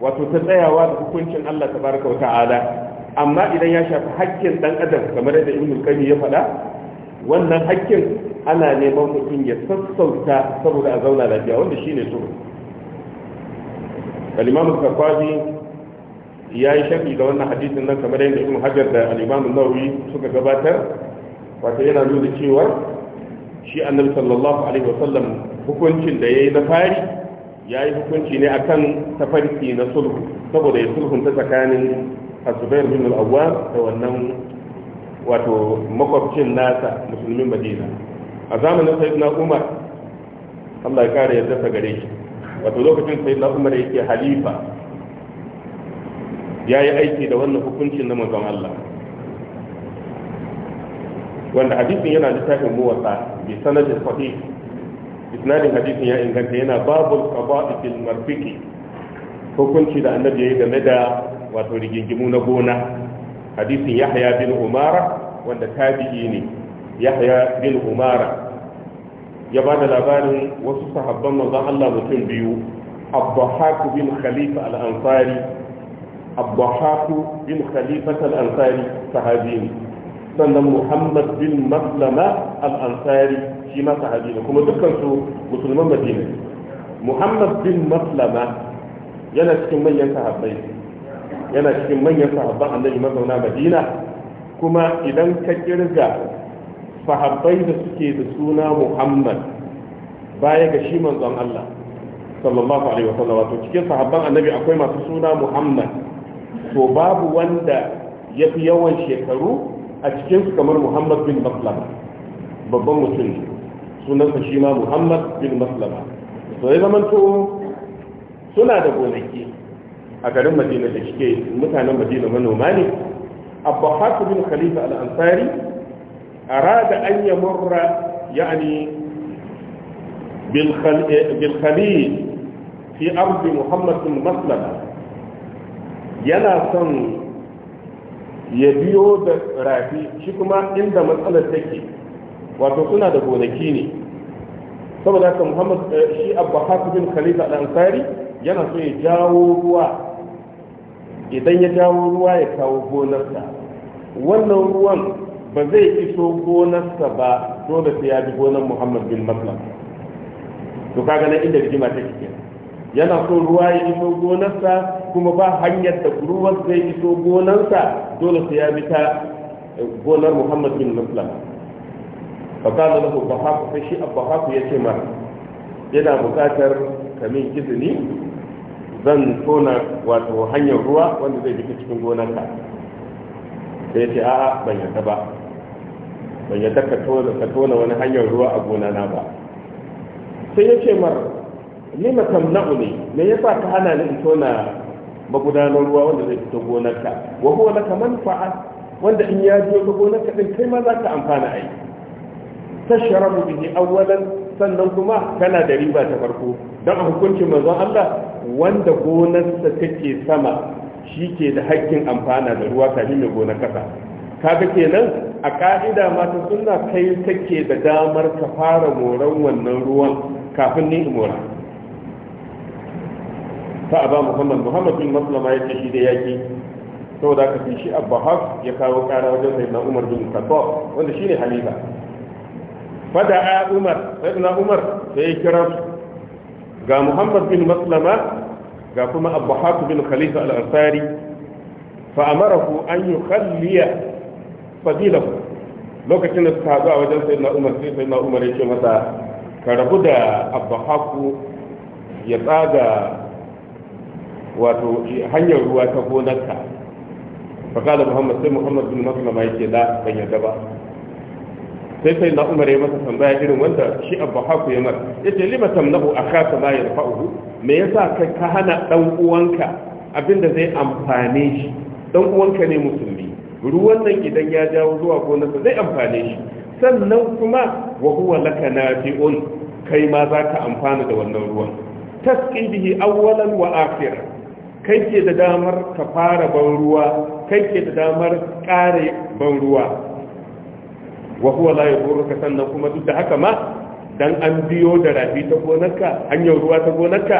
wato ta tsayawa da hukuncin Allah tabaraka wa ta'ala amma idan ya shafi hakkin dan adam kamar yadda ibnu qayyim ya faɗa wannan hakkin ana neman mutum ya sassauta saboda a zauna lafiya wanda shine sulhu al-imam al ya yi shafi ga wannan hadisin nan kamar yadda ibnu hajar da al-imam an-nawawi suka gabatar wato yana nuna cewa shi annabi sallallahu alaihi wasallam hukuncin da yayi na fari ya yi hukunci ne akan tafarki na sulhu saboda ya sulhunta tsakanin asubair bin al'awwa da wannan wato makwabcin nasa musulmin madina a zamanin na umar allah ya kare yadda ta gare shi wato lokacin na umar yake halifa ya yi aiki da wannan hukuncin na manzon allah wanda hadisin yana littafin muwasa bi sanadin sahih isnadin hadisin ya inganta yana babul qada'i fil marfiqi hukunci da annabi yi game da wato rigingimu na gona hadisin yahya bin umara wanda tabi'i ne yahya bin umara ya ba da labarin wasu sahabban manzon Allah mutum biyu abdahak bin khalifa al-ansari bin khalifa al-ansari sahabi sannan muhammad bin maslama al-ansari shi ma sahabi ne kuma dukkan su musulman madina muhammad bin maslama yana cikin manyan sahabbai yana cikin manyan sahabban annabi mazauna madina kuma idan ka kirga sahabbai da suke da suna muhammad baya ga shi manzon allah sallallahu alaihi wasallam wato cikin sahabban annabi akwai masu suna muhammad to babu wanda ya fi yawan shekaru a cikinsu kamar muhammad bin maslama babban mutum ne sunansa shi ma muhammad bin maslama to ya zama to suna da gonaki a garin madina da shike mutanen madina manoma ne abbas bin khalifa al'ansari, ansari arada an yamurra yani bil khalil fi arzi muhammad bin maslama yana son ya biyo da rafi shi kuma inda matsalar take wato suna da gonaki ne saboda haka muhammad eh, shi abba hasibin khalifa al-ansari yana so ya jawo ruwa idan ya jawo ruwa ya kawo gonarsa wannan ruwan ba zai iso gonarsa ba dole sai ya bi gonar muhammad bin maslam to kaga nan inda rigima ta ke yana so ruwa ya iso gonarsa kuma ba hanyar da ruwan zai iso gonarsa dole sai ya bi ta eh, gonar muhammad bin maslam fa kana lahu bahaku sai shi abbahaku ya ce ma yana bukatar kamin izini zan tona wato hanyar ruwa wanda zai jika cikin gonarka sai ce a'a ban yarda ba ban yarda ka tona wani hanyar ruwa a gonana ba sai ya ce mar lima tamna'u ne me yasa ka hana ni in tona magudanar ruwa wanda zai fito gonarka wa huwa laka manfa'a wanda in ya zo ka gonarka din kai ma za ka amfana ai tashrabu bihi awwalan sannan kuma kana da riba ta farko don a hukuncin manzon Allah wanda gonarsa take sama shi ke da hakkin amfana da ruwa kafin mai gonar kasa kaga kenan a ka'ida ma ta sunna kai take da damar ka fara moran wannan ruwan kafin ni mora fa aba muhammad muhammad bin maslama ya shi da yaki saboda ka fi shi abba ya kawo kara wajen sayyidina umar bin khattab wanda shine halifa Fada a umar sayyidina umar sai ya kira su ga muhammad bin maslama ga kuma abu bin khalifa al-ansari fa'amarahu an yi kalliya fadilahu lokacin da suka haɗu a wajen sai na umar sai sai na umar ya ce masa ka rabu da abba haku ya tsaga wato hanyar ruwa ta gonarka fakala muhammad sai muhammad bin maslama ya ce da ban yadda ba sai sai na umar ya masa tambaya irin wanda shi abu haku ya mara ya ce lima tamnahu a kasa ma ya fa'uhu me yasa ka ka hana ɗan'uwanka uwanka abinda zai amfane shi dan uwanka ne musulmi ruwan nan idan ya jawo zuwa gonarsa zai amfane shi sannan kuma wa huwa laka nafi'un kai ma za ka amfana da wannan ruwan taskin bihi awwalan wa akhir kai ke da damar ka fara ban ruwa kai ke da damar kare ban ruwa wa huwa la yaduruka sannan kuma duk da haka ma dan an biyo da rafi ta gonarka hanyar ruwa ta gonarka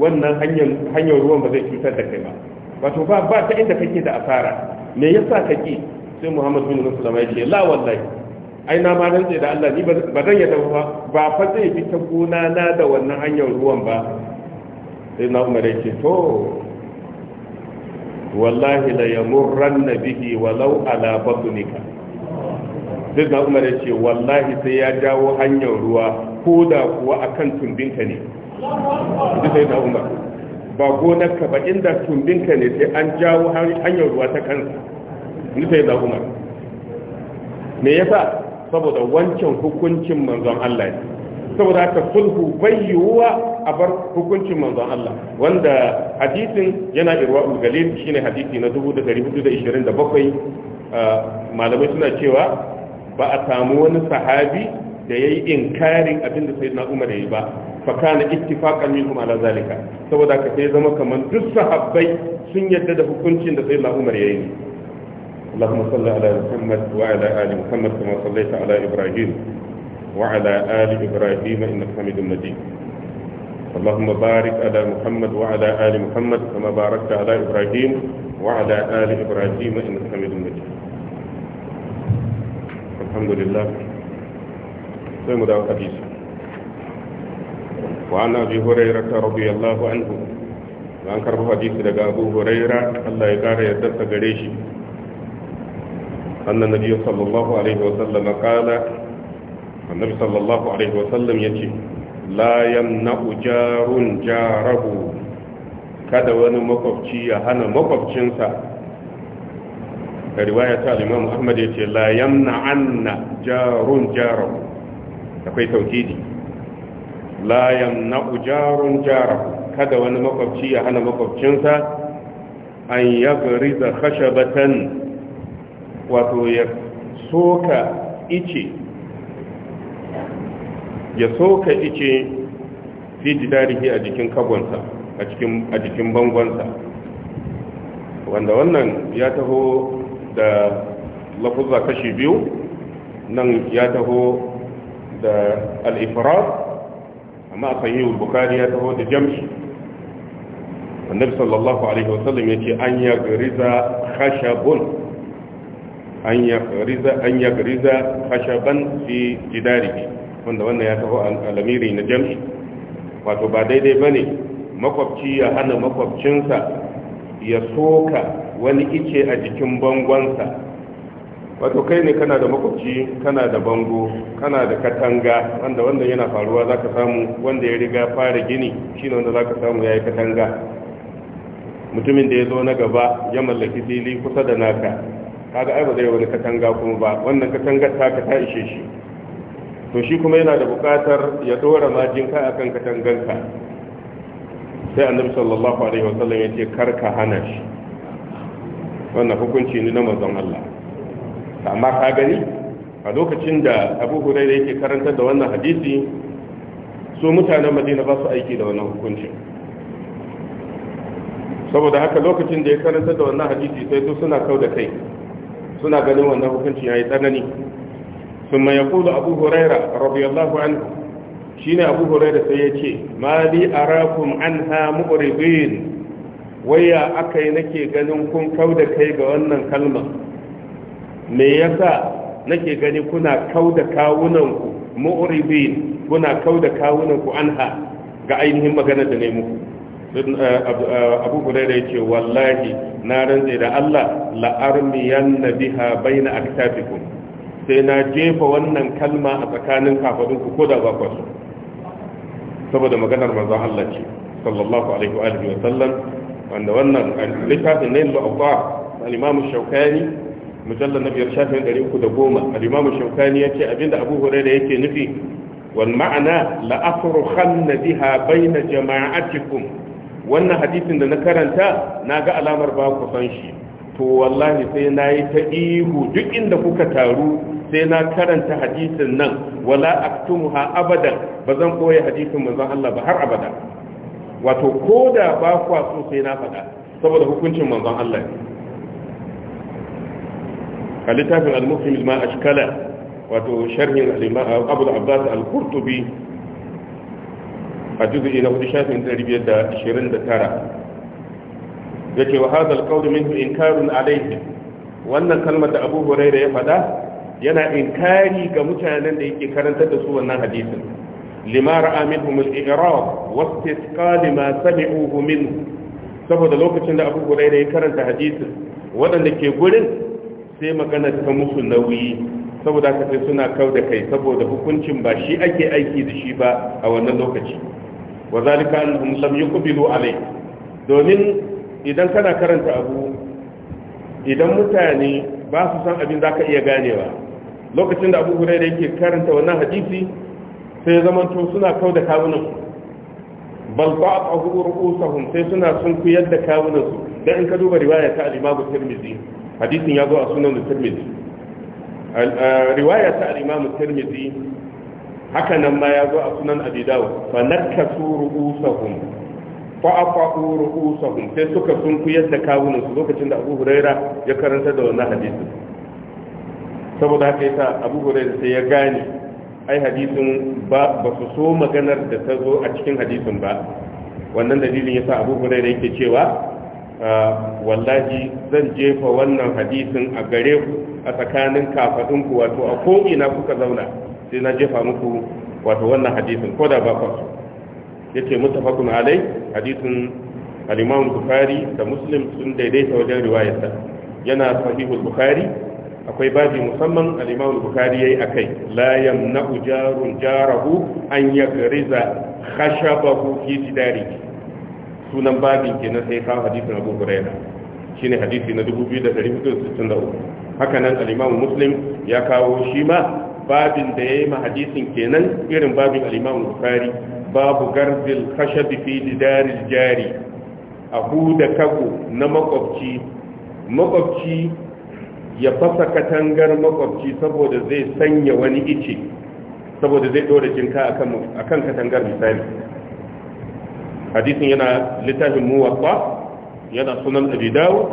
wannan hanyar hanyar ruwan ba zai cutar da kai ba wato ba ba ta inda kake da asara me yasa kake sai Muhammad bin Musulama ya ce la wallahi ai na ma rantsa da Allah ni ba zan yadda ba ba fa zai bi ta gona na da wannan hanyar ruwan ba sai na Umar ya ce to wallahi la yamurranna bihi walau ala batnika sai na umar ya ce wallahi sai ya jawo hanyar ruwa ko da kuwa a kan tumbinka ne duk sai na umar ba gonarka ba inda tumbinka ne sai an jawo hanyar ruwa ta kansa duk sai na umar me ya sa saboda wancan hukuncin manzon Allah ne saboda haka sulhu bai yiwuwa a bar hukuncin manzon Allah wanda hadisin yana irwa galil shine hadisi na 1427 ah, malamai suna cewa ba a samu wani sahabi da yayi inkarin abin da sayyidina Umar yi ba fa kana ittifaqan minhum ala zalika saboda ka sai zama kaman duk sahabbai sun yadda da hukuncin da sayyidina Umar yayi اللهم صل على محمد وعلى آل محمد كما صليت على إبراهيم وعلى آل إبراهيم إنك حميد مجيد اللهم بارك على محمد وعلى آل محمد كما باركت على إبراهيم وعلى آل إبراهيم إنك حميد مجيد alhamdulillah sai mu dawo hadisi wa radiyallahu anhu an karbo hadisi daga abu hurairah Allah ya kara yadda ta gare shi annan nabi sallallahu alaihi wa sallam qala annabi sallallahu alaihi wa sallam yace la yamna'u jarun jarahu kada wani makwabci ya hana makwabcinsa riwaya ta al-imam ahmad yace la yamna anna jarun jarahu akwai tauhidi la yamna jarun jarahu kada wani makwabci ya hana makwabcinsa an yagriza khashabatan wato ya soka ice ya soka ice fi jidarihi a jikin kagonsa a jikin bangonsa wanda wannan ya taho da lafuzza kashi biyu nan ya taho da al-ifrad amma a sahihul ya taho da jam'i annabi sallallahu alaihi wasallam yace an ya gariza khashabun an ya gariza an ya gariza khashaban fi wanda wannan ya taho al-amiri na jam'i wato ba daidai bane makwabci ya hana makwabcinsa ya soka wani ice a jikin bangonsa wato kai ne kana da makwabci kana da bango kana da katanga wanda wanda yana faruwa za ka samu wanda ya riga fara gini shi wanda za ka samu ya yi katanga mutumin da ya zo na gaba ya mallaki fili kusa da naka kaga ai ba zai wani katanga kuma ba wannan katangar taka ta ishe shi to shi kuma yana da bukatar ya dora ka akan ka. sai annabi sallallahu alaihi wasallam ya ce karka hana shi wannan hukunci ne na mazan Allah amma ka gani a lokacin da Abu Hurairah yake karanta da wannan hadisi su mutanen Madina ba su aiki da wannan hukuncin saboda haka lokacin da ya karanta da wannan hadisi sai su suna kau da kai suna ganin wannan hukunci ya yi tsanani Abu ثم yallahu أبو shi ne Abu عنه شين أبو هريرة سيأتي ما لي an ha مؤرضين waya aka yi nake ganin kun kau da kai ga wannan kalma me yasa nake gani kuna kau da kawunanku mu'ribin kuna kau da kawunanku anha ga ainihin magana da ne muku eh, abu eh, huraira ya wallahi na rantse da Allah la'armiyan na biha baina aktafikum sai na jefa wannan kalma a tsakanin kafadunku ko da ba saboda maganar manzon Allah ce sallallahu alaihi wa sallam wanda wannan littafin na yanzu abuwa al'imamu shaukani mujallar na biyar shafin ɗari uku da goma al'imamu shaukani ya ce abinda abu da yake nufi Wani ma'ana la'afuru khanna biha baina jama'atikum wannan hadisin da na karanta na ga alamar ba ku san shi to wallahi sai na yi ta ihu duk inda kuka taru sai na karanta hadisin nan wala aktumuha abadan ba zan koya hadisin manzon Allah ba har abada wato ko da ba kwa so sai na faɗa saboda hukuncin manzon Allah a littafin al-muslim ma a ashkala wato sharhin Abu da abbas al-Qurtubi a juz'i na 1529 yake wa hadha al-qawl minhu inkarun alayhi wannan kalmar da Abu Hurairah ya faɗa yana inkari ga mutanen da yake karantar da su wannan hadisin لما ra'a منهم al-i'rab ما سمعوه ma سبب لو lokacin da Abu Hurairah karanta hadisin waɗanda ke gurin sai magana ta musu nauyi saboda haka suna kau da kai saboda hukuncin ba shi ake aiki da shi ba a wannan lokaci wa zalika annahum lam yuqbilu domin idan kana karanta abu idan mutane ba su san abin za ka iya ganewa lokacin da abu huraira yake karanta wannan hadisi sai zamanto suna kau da kawunan bal ba a ru'usahum sai suna sun ku da kawunan su da in ka duba riwaya ta al-Imam Tirmidhi hadisin ya zo a sunan Tirmidhi riwaya ta al-Imam Tirmidhi haka nan ma ya zo a sunan Abi Dawud fa nakasu ru'usahum fa afaqu ru'usahum sai suka sun ku da kawunan su lokacin da Abu Huraira ya karanta da wannan hadisin saboda haka yasa Abu Huraira sai ya gane ai hadisin ba ba su so maganar da ta zo a cikin hadisin ba wannan dalilin yasa abu hurairah yake cewa ah, wallahi zan jefa wannan hadisin a gare ku a tsakanin kafadin ku wato a ko ina kuka zauna sai na jefa muku wato wannan hadisin ko da ba ku yace muttafaqun alai hadisin al-Imam Bukhari da Muslim sun daidaita wajen riwayarsa yana sahihul Bukhari akwai baji musamman al-Imam Bukhari yayi akai la yamna'u jarun jarahu an yagriza khashabahu fi jidari sunan babin kenan sai ka hadisin Abu Shi shine hadisi na 2463 haka nan al-Imam Muslim ya kawo shi ma babin da yayi ma hadisin kenan irin babin al-Imam Bukhari babu garzil khashabi fi jidari jari a huda kago na makwabci makwabci ya fasa katangar makwabci saboda zai sanya wani ice saboda zai dora jinka akan katangar misali hadisun yana littafin muwatta yana sunan abi dawud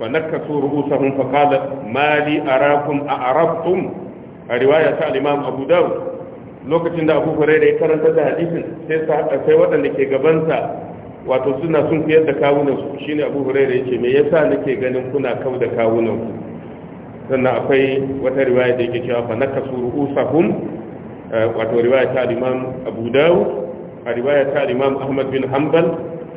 fa nakasu ru'usahum fa qala mali rafin a arabtum a riwaya ta alimam abu dawo lokacin da abu da ya karanta da hadisun sai sai waɗanda ke gabanta, wato suna sun fiye da kawunan su shine abu ya yace me yasa nake ganin kuna kau da kawunan sannan akwai wata riwaya da yake cewa fa nakasu eh, wato riwaya ta imam abu Dawu, a riwaya ta imam ahmad bin hanbal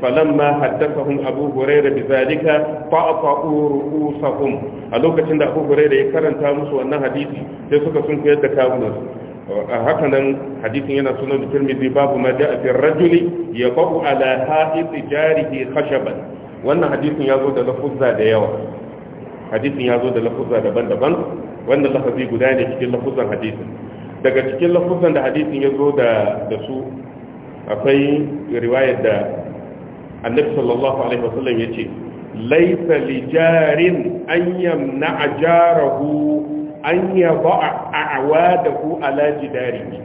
falamma haddathahum abu huraira bizalika fa'aqa'u ru'usahum a lokacin da abu huraira ya karanta musu wannan hadisi sai suka sun koyar da kawunansu haka nan hadisin yana sunan da tirmidhi babu ma ja'a fi rajuli yaqa'u ala ha'iti jarihi khashaban wannan hadisin ya zo da lafuzza da yawa hadisin ya zo da lafuzza daban-daban wannan lafazi guda ne cikin lafuzan hadisin daga cikin lafuzan da hadisin ya zo da su akwai riwayar da annabi sallallahu alaihi wasallam ya ce laisa li jarin an yamna jarahu an yaba a'wadahu ala jidarihi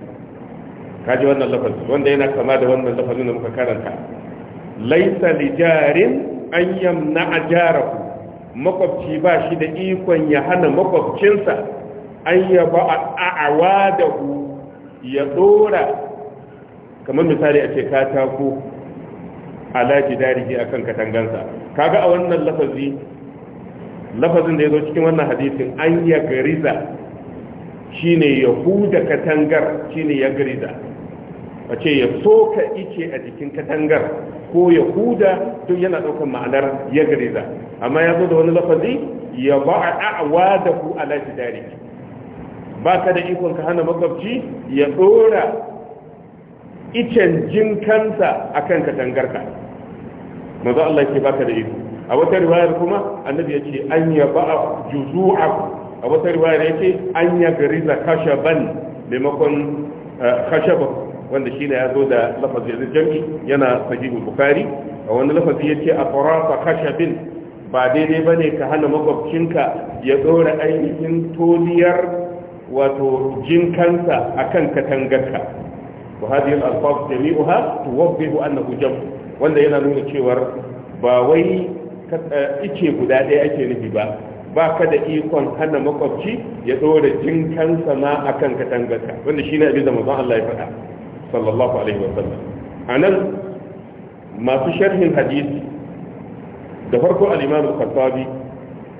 kaji wannan lafazi wanda yana kama da wannan lafazin da muka karanta laisa li jarin an yamna jarahu makwabci ba shi da ikon ya hana makwabcinsa an ya ba a da ku ya dora kamar misali a ce katako ala a kan katangansa kaga a wannan lafazi lafazin da ya zo cikin wannan hadisin an ya gariza ne ya huda katangar shi ne ya gariza a ce ya soka ice a jikin katangar ko yahuda duk yana ɗaukar ma'anar ya gariza amma ya zo da wani lafazi ya ba a da'awa da ku ala jidari ba ka da ikon ka hana makwabci ya ɗora icen kansa a kan katangarka maza Allah ke baka da iko a wata riwayar kuma annabi ya ce an ya ba a juzu'a a wata riwayar ya ce an ya gariza kashaban maimakon eh, kashaban wanda shi ne ya zo da lafazi da jami yana sahihul bukari a wani lafazi ya ce a farafa kashabin ba daidai ba ne ka hana makwabcinka ya ɗora ainihin toliyar wato jinkansa a kan katangarka wa hadiyar alfaf jami'uha tuwabbihu annahu jam wanda yana nuna cewar ba wai eh, ice guda ɗaya ake nufi ba ba ka da ikon hana makwabci ya ɗora jinkansa ma akan katangarka wanda shi ne abin da mazan Allah ya faɗa sallallahu alaihi wasallam anan masu sharhin hadisi da farko al-imam al-khattabi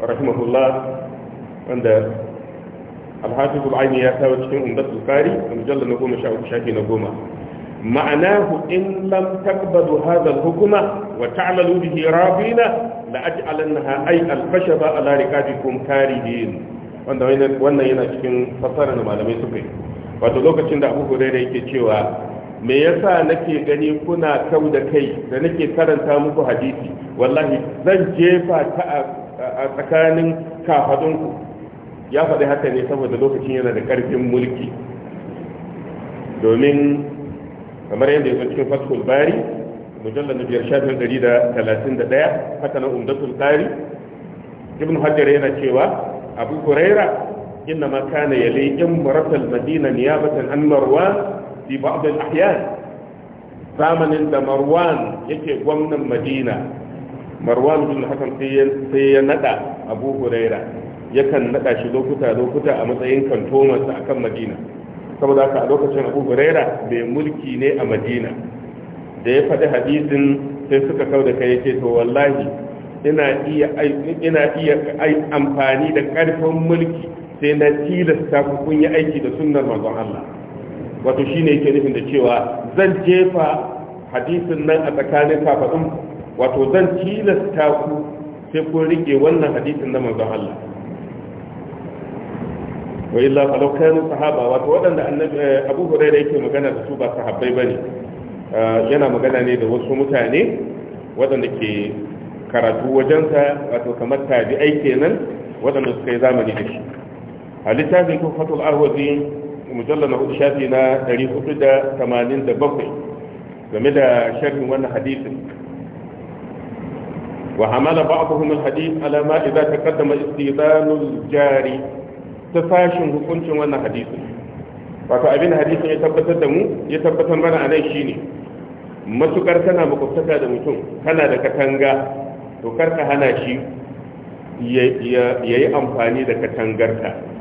rahimahullah wanda al-hafiz ya kawo cikin umdatul a mujallal na goma sha uku shafi na goma معناه إن لم تقبلوا هذا الحكم وتعملوا به رابين لأجعلنها أي الخشبة على رقابكم wanda wannan yana cikin fassarar da malamai suka yi wato lokacin da abu hurairah yake cewa me yasa nake gani kuna kau da kai da nake karanta muku hadisi wallahi zan jefa ta a tsakanin kafadunku ya faɗi haka ne saboda lokacin yana da ƙarfin mulki domin kamar yadda ya cikin fatul bari mujallar na biyar shafin dari da talatin da ɗaya haka na umdatul tsari ibn hajjar yana cewa abu huraira inna ma kana madina niyabatan zamanin da marwan yake gwamnan madina marwan bin hakan sai ya nada abu huraira yakan nada shi lokuta lokuta a matsayin kantomansa akan madina saboda haka a lokacin abu huraira mai mulki ne a madina da ya faɗi hadisin sai suka kau da kai yake to wallahi ina iya ina amfani da karfin mulki sai na tilasta ku kun yi aiki da sunnar manzon Allah wato shine yake nufin da cewa zan jefa hadisin nan a tsakanin kafadun wato zan tilasta ku sai kun rike wannan hadisin na manzon Allah wa illa falau kanu sahaba wato waɗanda annabi eh, Abu Hurairah yake magana da su ba sahabbai bane eh, yana magana ne da wasu mutane waɗanda ke karatu wajensa wato kamar tabi'ai kenan waɗanda suka yi zamani da shi a littafin tuhfatul arwazi mujalla na shafi na 487 game da sharhin wannan hadisin wa hamala ba'dhum al-hadith ala ma idza taqaddama kaddama al-jari ta fashin hukuncin wannan hadisin wato abin hadisin ya tabbatar da mu ya tabbatar mana anan shine matukar tana makwabtaka da mutum kana da katanga to karka hana shi ya yi amfani da katangarta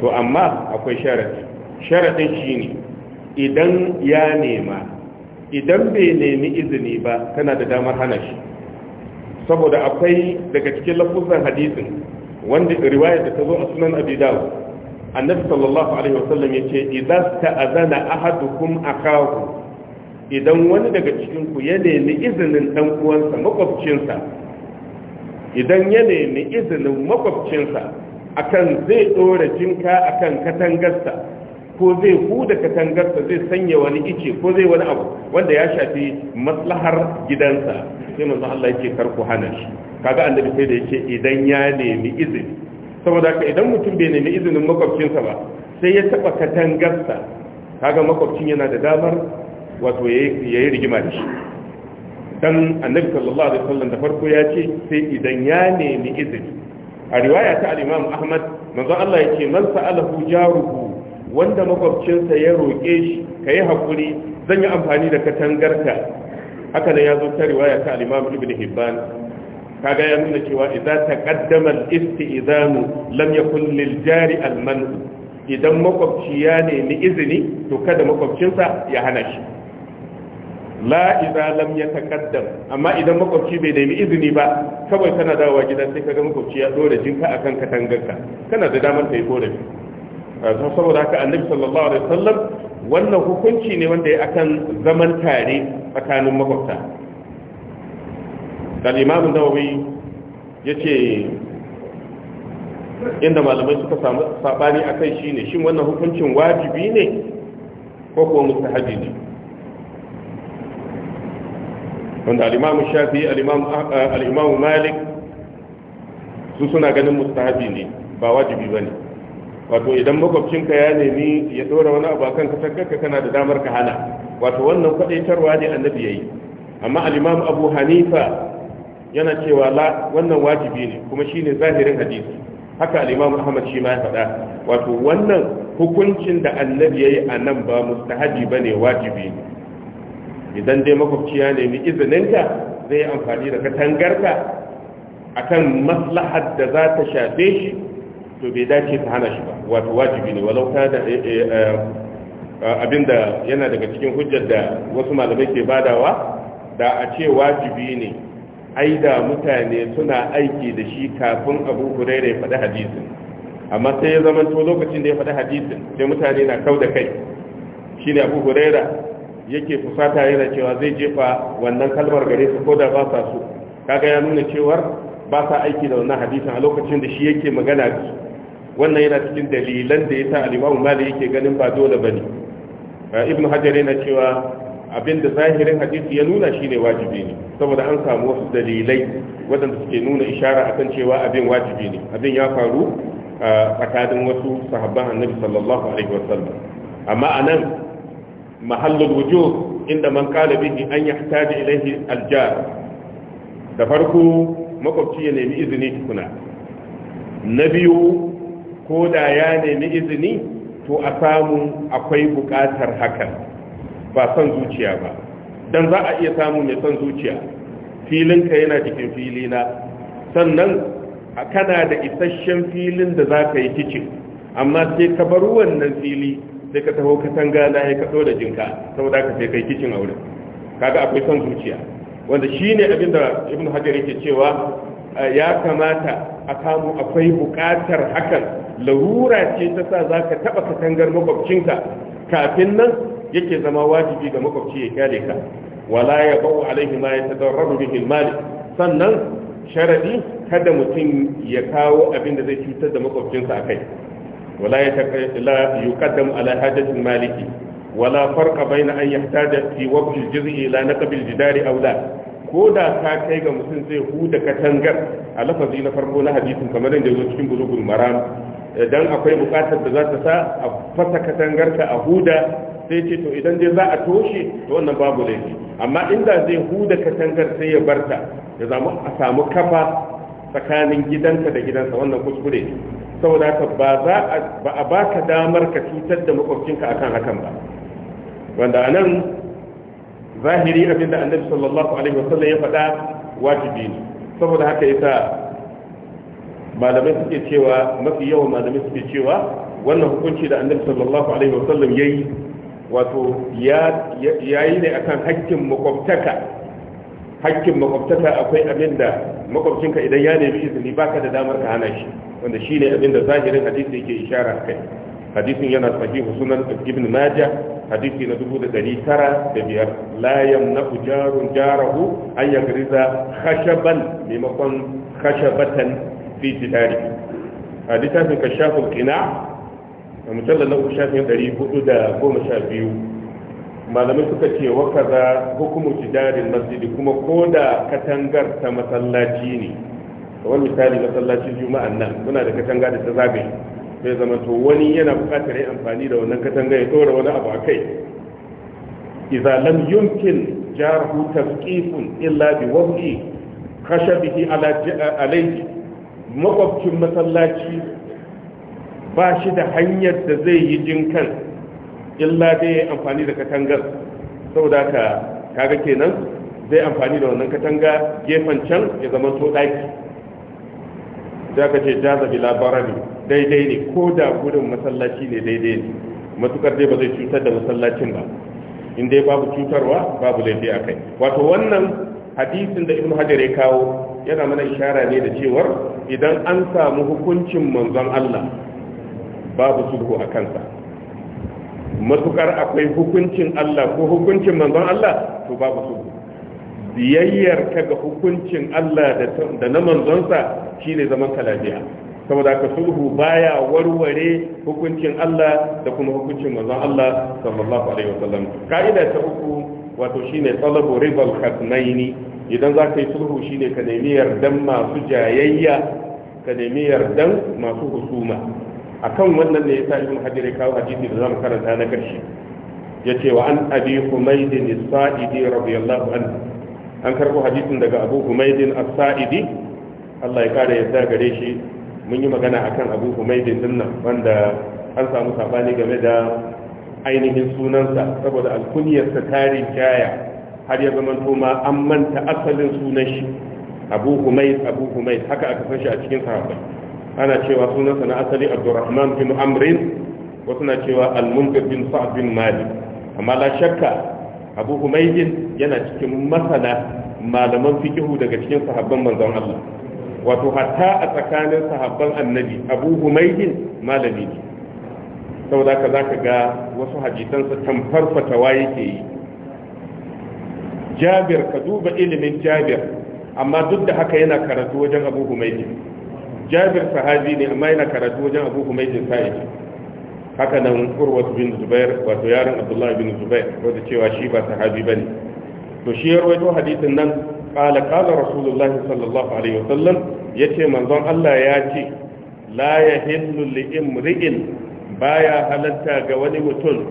to amma akwai sharadi sharadin ne idan ya nema idan bai nemi izini ba tana da damar hana shi saboda akwai daga cikin lafuzan hadisin wanda riwayar da ta zo a sunan abi annabi sallallahu alaihi wasallam yace idza ta'azana ahadukum akahu idan wani daga cikin ku ya nemi izinin dan uwansa makwabcinsa idan ya nemi izinin makwabcinsa akan zai dora jinka akan katangarsa ko zai huda katangarsa zai sanya wani ice ko zai wani abu wanda ya shafi maslahar gidansa sai manzo Allah yake karku hana shi kaga annabi sai da yake idan ya nemi izini saboda ka idan mutum bai nemi izinin makwabcinsa ba sai ya taba katangarsa kaga makwabcin yana da damar wato yayi rigima da shi dan annabi sallallahu alaihi wasallam da farko ya ce sai idan ya nemi izini a riwaya ta al ahmad manzo Allah ce man sa'alahu jaruhu wanda makwabcinsa ya roƙe shi ka yi haƙuri zan yi amfani da katangarka haka da ya zo ta riwaya ta al-imam ibn hibban kaga ya nuna cewa idza taqaddama al-isti'zanu lam yakun lil jari al-man idan makwabci ya nemi izini to kada makwabcinsa ya hana shi la idza lam yatakaddam amma idan makwabci bai nemi izini ba kawai kana dawowa gida sai kaga makwabci ya dora jinka akan katangarka kana da damar kai korafi a ah, saboda haka annabi sallallahu alaihi wasallam wannan hukunci ne wanda ya akan zaman tare tsakanin makwabta dan imam nawawi yace inda malamai suka samu sabani akai shine shin wannan hukuncin wajibi ne ko kuma mustahabi ne wanda al'imamu shafi al'imamu eh, malik su suna ganin mustahabi ne ba wajibi ba ne wato idan makwabcinka ya nemi ya ɗora wani abu akan ka takkaka kana da damar ka hana wato wannan kwaɗaitarwa ne annabi ya yi amma al'imamu abu hanifa yana cewa la wannan wajibi ne kuma shine zahirin hadisi haka al'imamu ahmad shi ma ya faɗa wato wannan hukuncin da annabi ya yi a nan ba mustahabi ba ne wajibi ne idan dai makwabci ya nemi izininka zai yi amfani da katangarka kan maslahar da za ta shafe shi to bai dace ta hana shi ba wato wajibi ne walau ta da eh, eh, eh, abinda yana daga cikin hujjar da wasu malamai ke badawa da a ce wajibi ne ai da mutane suna aiki da shi kafin abu hurairai faɗi hadisin amma sai ya zama to lokacin da ya faɗi hadisin sai mutane na kau da kai shine abu huraira yake fusata yana cewa zai jefa wannan kalmar gare su ko da ba sa so kaga ya nuna cewar ba sa aiki da wannan hadisin a lokacin da shi yake magana da su wannan yana cikin dalilan da yasa al-Imam Malik yake ganin ba dole bane Ibn Hajar yana cewa abinda zahirin hadisi ya nuna shine wajibi ne saboda an samu wasu dalilai wadanda suke nuna ishara akan cewa abin wajibi ne abin ya faru tsakanin wasu sahabban annabi sallallahu alaihi wasallam amma anan mahallul wujuh inda man qala bihi an yahtaji ilayhi aljar da farko makwabci ya nemi izini tukuna na biyu ko da ya nemi izini to a samu akwai buƙatar hakan ba son zuciya ba don za a iya samun mai son zuciya ka yana jikin na? sannan kana da isasshen filin da za ka yi kicin amma sai ka bar wannan fili sai ka taho katanga na ya kaso da jinka saboda ka sai kai kicin aure. kaga akwai son zuciya wanda shine abin da ibnu hajar yake cewa ya kamata a samu akwai buƙatar hakan larura ce ta sa za ka taɓa katangar makwabcinka kafin nan yake zama wajibi ga makwabci ya kyale ka wala ya bau alaihi ma ya tadarrabu bihi mali sannan sharadi kada mutum ya kawo abin da zai cutar da makwabcinsa akai ولا لا يقدم على حاجة المالك ولا فرق بين أن يحتاج في وقف الجزء إلى نقب الجدار أو لا كودا كاكي مسلم زي هودا كتنجر على فضيلة فرقونا حديث كما نجد cikin بلوغ المرام dan akwai bukatar da za ta sa a fasa katangarka a huda sai ce to idan dai za a toshe to wannan babu laifi amma inda zai huda katangar sai ya barta ya a samu kafa tsakanin gidanka da gidansa wannan kuskure ne saboda haka ba za ba a baka damar ka cutar da makwabcinka akan hakan ba wanda anan zahiri abinda annabi sallallahu alaihi wasallam ya faɗa wajibi ne saboda haka yasa malamai suke cewa mafi yawan malamai suke cewa wannan hukunci da annabi sallallahu alaihi wasallam yayi wato ya yayi ne akan haƙƙin makwabtaka hakkin makwabtaka akwai abin da makwabcinka idan ya nemi izini baka da damar ka hana shi wanda shine abin da zahirin hadisi yake ishara kai hadisin yana sahihu sunan ibn Maja hadisi na dubu da da dari tara biyar la yamna'u jarun jarahu an yagriza khashaban maimakon khashabatan fi jidari hadisin ka shafin qina mujallal na biyu. malamai suka ce wa kaza hukumu jidarin masjidi kuma ko da katangar ta masallaci ne kamar misali masallacin juma'an nan muna da katanga da ta zagaye sai zama to wani yana buƙatar yin amfani da wannan katanga ya tsora wani abu a kai idza lam yumkin jarhu tasqifun illa bi wadi khashabihi ala alayhi makwabcin masallaci ba shi da hanyar da zai yi jinkan illa dai ya amfani da katangar saboda ka kaga kenan zai amfani da wannan katanga gefen can ya zama to daki da ka ce jaza bila barani daidai ne ko da gudun masallaci ne daidai ne matukar dai ba zai cutar da masallacin ba in dai babu cutarwa babu laifi a kai wato wannan hadisin da ibnu hajar ya kawo yana mana ishara ne da cewar idan an samu hukuncin manzon allah babu sulhu a kansa matukar akwai hukuncin Allah ko hukuncin manzon Allah to babu su biyayyar ka ga hukuncin Allah da na manzonsa shine zaman kalabiya saboda ka sulhu baya warware hukuncin Allah da kuma hukuncin manzon Allah sallallahu alaihi wasallam kaida ta uku wato shine talabu ribal khatnaini idan za ka yi sulhu shine ka nemi yardan masu jayayya ka nemi yardan masu husuma akan wannan ne yasa ibn hajar ya kawo hadisi da zamu karanta na karshe ce wa an abi humayd as-sa'idi radiyallahu anhu an karbo hadisin daga abu humayd as-sa'idi Allah ya kare yadda gare shi mun yi magana akan abu humayd din nan wanda an samu sabani game da ainihin sunansa saboda sa tarin jaya har ya zama ma an manta asalin sunan shi abu humayd abu humayd haka aka fashi shi a cikin sahabbai ana cewa sunansa na asali abdurrahman bin amrin wasu na cewa al bin sa'd bin malik amma la shakka abu humaydin yana cikin masana malaman fikihu daga cikin sahabban manzon Allah wato hatta a tsakanin sahabban annabi abu humaydin malami ne saboda ka za ka ga wasu hadisansa tamfar fatawa yake yi jabir ka duba ilimin jabir amma duk da haka yana karatu wajen abu humaydin jabir sahabi ne amma yana karatu wajen abu humaydin sa'idi haka nan urwatu bin zubair wato yaron abdullahi bin zubair wanda cewa shi ba sahabi bane to shi ya rawaito hadisin nan qala qala rasulullah sallallahu alaihi wasallam yace manzon Allah ya ce la yahillu li imri'in baya halatta ga wani mutum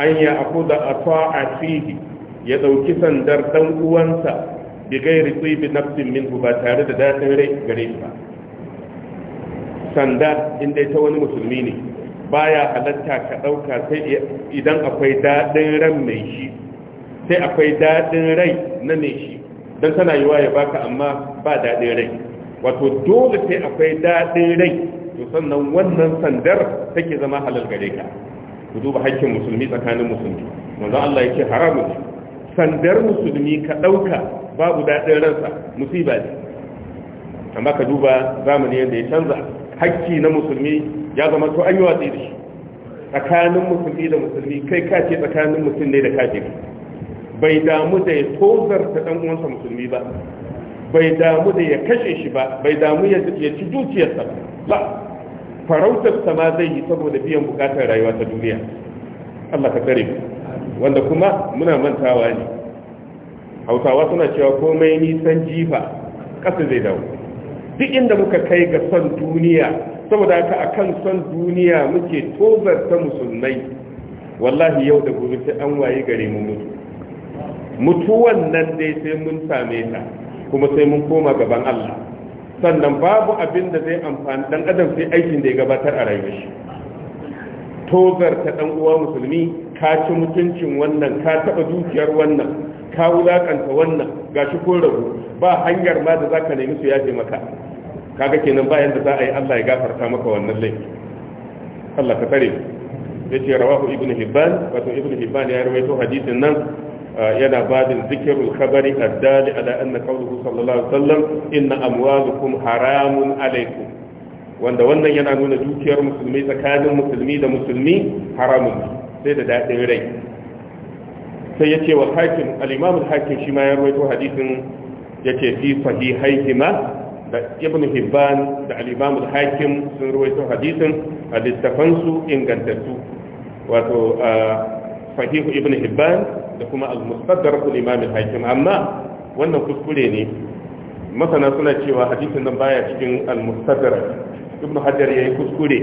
an ya akuda ata'a fihi ya dauki sandar dan uwansa bi gairi tsibi nafsin minhu ba tare da dadin rai gare shi ba sanda in dai ta wani musulmi ne baya halatta ka ɗauka sai idan akwai daɗin ran mai shi sai akwai daɗin rai na mai shi don tana yiwa ya baka amma ba daɗin rai wato dole sai akwai daɗin rai to sannan wannan sandar take zama halal gare ka ku duba hakkin musulmi tsakanin musulmi manzo Allah yake haramu ne sandar musulmi ka ɗauka babu daɗin ransa musiba ne amma ka duba zamani yadda ya canza hakki na musulmi ya zama to an yi watsi da shi tsakanin musulmi da musulmi kai ka tsakanin mutum ne da kafiri bai damu da ya tozarta dan uwansa musulmi ba bai damu da ya kashe shi ba bai damu ya ci dukiyarsa ba sa ma zai yi saboda biyan bukatar rayuwa ta duniya Allah ka mu wanda kuma muna mantawa ne hausawa suna cewa komai nisan jifa ƙasa zai dawo duk inda muka kai ga son duniya saboda a kan son duniya muke tozarta musulmai wallahi yau da gobe sai an waye gare mu mutu mutuwan nan dai sai mun same ta kuma sai mun koma gaban Allah sannan babu abin da zai amfani dan adam sai aikin da ya gabatar a rayuwar shi ta dan uwa musulmi ka ci mutuncin wannan ka taba dukiyar wannan ka wulakanta wannan gashi ko rabu ba hanyar ma da zaka nemi su yaje maka kaga kenan ba da za a yi Allah ya gafarta maka wannan laifi Allah ka tare ya ce rawahu ibn hibban wato ibn hibban ya rawaito hadisin nan uh, yana ba babin zikirul khabari addali ala anna qawluhu sallallahu alaihi wasallam inna amwalukum haramun alaikum wanda wannan yana nuna dukiyar musulmi tsakanin musulmi da musulmi haramun sai da dadin rai sai ya ce wa hakim al-imam al-hakim shi ma ya rawaito hadisin yace fi sahihaihima da ibn hibban da al-imam al-hakim sun ruwaito hadisin a littafansu ingantattu wato fahihu ibn hibban da kuma al-mustadrak al-imam al-hakim amma wannan kuskure ne masana suna cewa hadisin nan baya cikin al-mustadrak ibn hajar yayi kuskure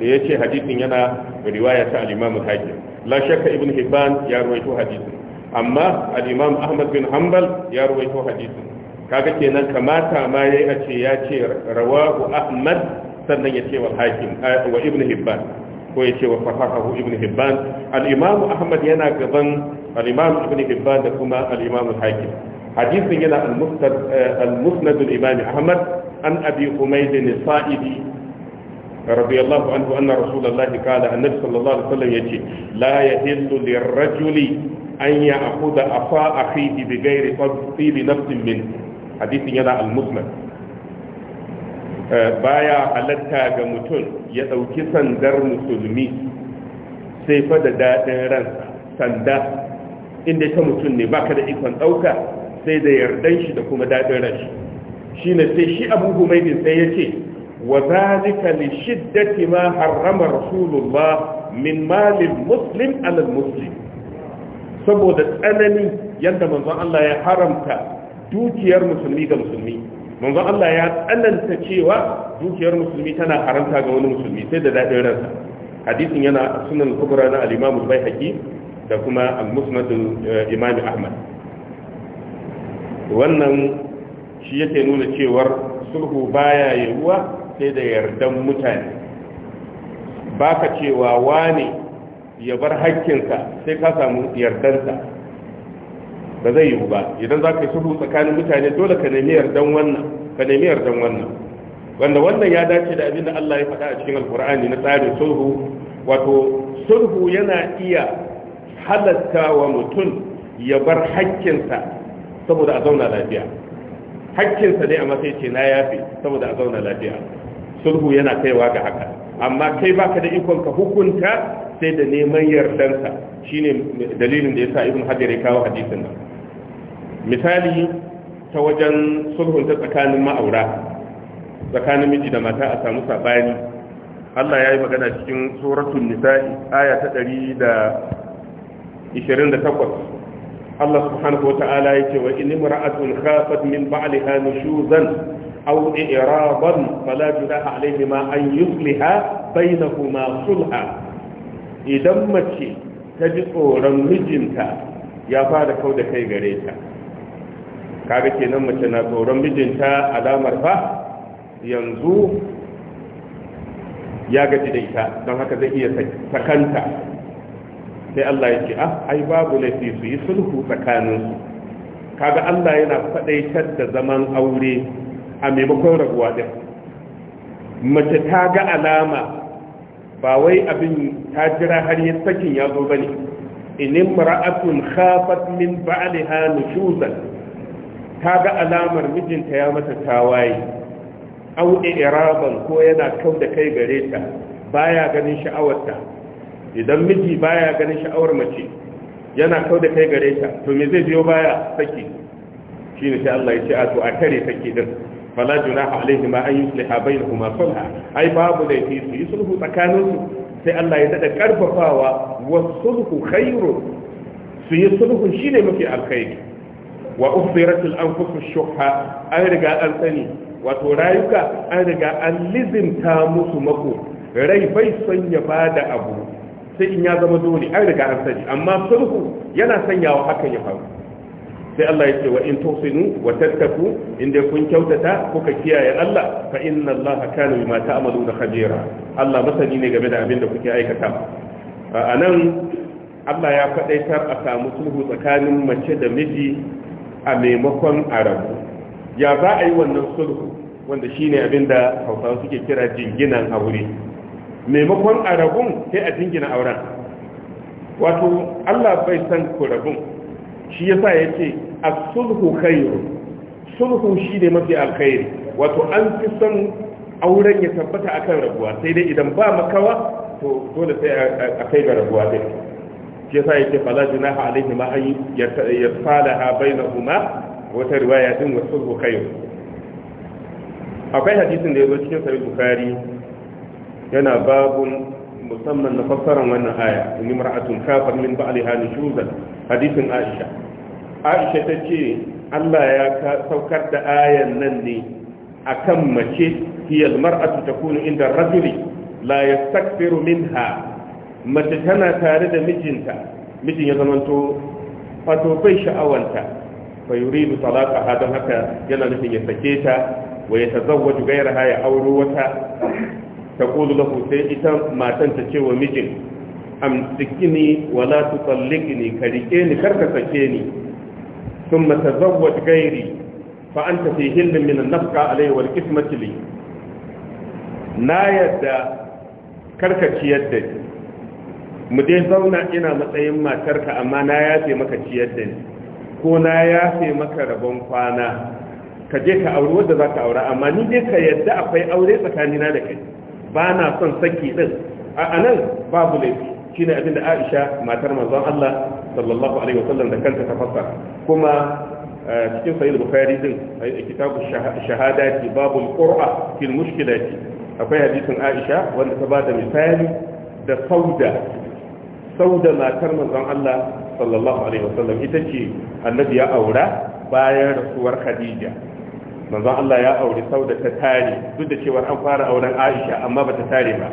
da yace hadithin yana riwaya ta al-imam al-hakim la shakka ibn hibban ya ruwaito hadisin amma al-imam ahmad bin hanbal ya ruwaito hadisin kaga kenan kamata ma yayi a ce ya ce rawahu ahmad sannan ya ce wa hakim wa ibn hibban ko ya ce wa fahahu ibn hibban al-imam ahmad yana gaban al-imam ibn hibban da kuma al-imam hakim hadisin yana eh, al-musnad al-imam ahmad an abi humayd al-sa'idi radiyallahu anhu anna rasulullah qala annabi sallallahu alaihi wasallam yace la yahillu lirrajuli an ya'khudha afa akhihi bighairi qasdi nafsin minhu hadisin yana al-muslim eh, baya halatta ga mutum ya ɗauki sandar musulmi sai fa da daɗin ransa sanda inda ta mutum ne baka da ikon ɗauka sai da yardan shi da kuma daɗin ranshi shi ne sai shi abu humaidin sai ya ce wa zalika li shiddati ma harrama rasulullah min malin muslim alal muslim saboda tsanani yadda manzon Allah ya haramta dukiyar musulmi ga musulmi manzon Allah ya tsananta cewa dukiyar musulmi tana haramta ga wani musulmi sai da daɗin ransa hadisin yana sunan kubra na al-imam al da kuma al-musnad imam ahmad wannan shi yake nuna cewar sulhu baya yiwuwa sai da yardan mutane baka cewa wane ya bar hakkinsa sai ka samu yardansa ba zai yiwu ba idan za ka yi sulhu tsakanin mutane dole ka nemi yardan wannan ka nemi yardan wannan wanda wannan ya dace da abin da Allah ya faɗa a cikin alkur'ani na tsarin sulhu wato sulhu yana iya halatta wa mutum ya bar hakkinsa saboda a zauna lafiya hakkinsa ne a matsayi ce na yafe saboda a zauna lafiya sulhu yana kaiwa ga haka amma kai baka da ikon ka hukunta sai da neman yardansa shine dalilin da yasa ibn hajar ya kawo hadisin nan misali ta wajen sulhunta tsakanin ma'aura tsakanin miji da mata a samu sabani Allah ya yi magana cikin suratun nisa'i aya ta 128 Allah subhanahu wata'ala ya ce wa in imra'atun khafat min ba'liha nushuzan aw i'raban fala Alayhi ma an yusliha bainahuma sulha idan mace ta ji tsoron mijinta ya fara kauda kai gare ta kaga kenan mace na tsoron mijinta alamar fa yanzu ya gaji da ita don haka zai iya sakanta sai Allah ya ce ah ai babu laifi su yi sulhu tsakaninsu kaga Allah yana faɗaitar da zaman aure a maimakon rabuwa din mace ta ga alama ba wai abin ta jira har yi sakin ya zo bane inin mara'atun khafat min ba'liha nushuzan ta ga alamar mijinta ya mata tawaye au iraban ko yana kau da kai gare ta baya ganin sha'awarta idan miji baya ganin sha'awar mace yana kau da kai gare ta to me zai biyo baya saki ne sai Allah ya ce a to a kare saki din fala junaha alaihi ma an yusliha bainahuma sulha ai babu da yi su yi sulhu tsakaninsu sai Allah ya dada karfafawa wa sulhu khairu su yi sulhu shine mafi alkhairi wa ukhbiratul anfusu shuhha an riga an sani wato rayuka an riga an lizinta musu mako rai bai sanya ya bada abu sai in ya zama dole an riga an sani amma sulhu yana sanyawa hakan ya faru sai Allah ya ce wa in tusinu wa tattaku inda kun kyautata kuka kiyaye Allah fa inna Allah kana bima ta'maluna khabira Allah masani ne game da abin da kuke aikata nan, Allah ya faɗaitar a samu sulhu tsakanin mace da miji a maimakon a ya za a yi wannan sulhu wanda shine abin da hausawa suke kira jinginan aure maimakon a sai a jingina auren wato allah bai san ku rabu? shi sa ya ce a sulhu khairu sulhu shi ne mafi alkhairi wato an fi son auren ya tabbata akan rabuwa sai dai idan ba makawa to dole sai a kai ga rabuwa dai shi yasa yake fala junaha alaihi ma ay yasalaha bainahuma wata riwaya din wa sulhu khayr akwai hadisin da yazo cikin sahih bukhari yana babun musamman na fassaran wannan aya ni mar'atun kafar min ba'liha nushuzan hadisin aisha aisha tace Allah ya saukar da ayan nan ne akan mace hiyal mar'atu takunu inda rajuli la yastakbiru minha mace tana tare da mijinta mijin ya zamanto fato bai sha'awanta fa yuridu talaqa hadan haka yana nufin ya sake ta wa ya tazawwaju gairaha ya auro wata taqulu lahu sai ita matan ta ce wa mijin amsikini wala la tutalliqni ka rike ni karka sake ni mata tazawwaj gairi fa anta fi hillin min nafka nafqa alayhi na yadda karka ciyar da mu dai zauna ina matsayin matarka amma na yafe maka ciyar da ni ko na yafe maka rabon kwana ka je ka aure wadda za ka aura amma ni dai ka yadda akwai aure tsakanina da kai ba na son saki din a nan babu laifi shine abin da Aisha matar manzon Allah sallallahu alaihi wasallam da kanta ta fassara kuma eh, cikin sahih bukhari din eh, kitabu shahadati babul qur'a fil mushkilati akwai hadisin Aisha wanda ta ba da misali da sauda sauda matar manzon Allah sallallahu alaihi wasallam ita ce annabi ya aura bayan rasuwar Khadija manzon Allah ya aure sauda ta tare duk da cewa an fara auren Aisha amma bata tare ba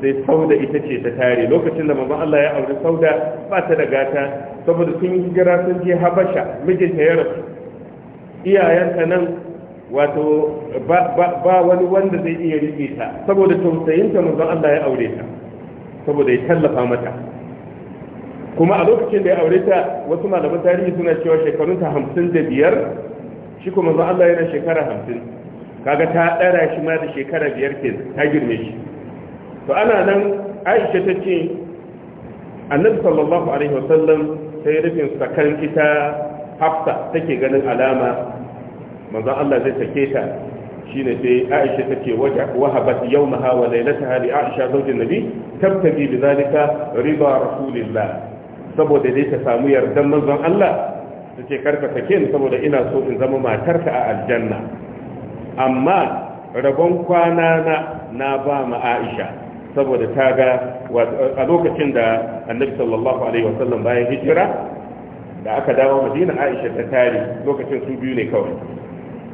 sai sauda ita ce ta tare lokacin da manzon Allah ya aure sauda ba ta da gata saboda sun yi hijira sun je Habasha mijinta ya rasu iyayenta nan wato ba wani wanda zai iya rike ta saboda tausayinta manzon Allah ya aure ta saboda ya tallafa mata kuma a lokacin da ya aure ta wasu malaman tarihi suna cewa shekarun ta hamsin da biyar shi kuma zan Allah yana shekara hamsin kaga ta ɗara shi ma da shekara biyar ke ta girme shi to ana nan aisha ta ce annabi sallallahu alaihi wasallam sai rufin sakan ita hafsa take ganin alama manzon Allah zai sake ta shine sai Aisha ta take wahabat yawmaha wa laylataha li Aisha zawjin Nabi tabtagi bidhalika rida Rasulillah saboda dai ta samu yardan manzon Allah ta ce karka sake ni saboda ina so in zama matarka a aljanna amma rabon kwana na na ba ma Aisha saboda ta ga a lokacin da Annabi sallallahu alaihi wasallam bayan hijira da aka dawo Madina Aisha ta tare lokacin su biyu ne kawai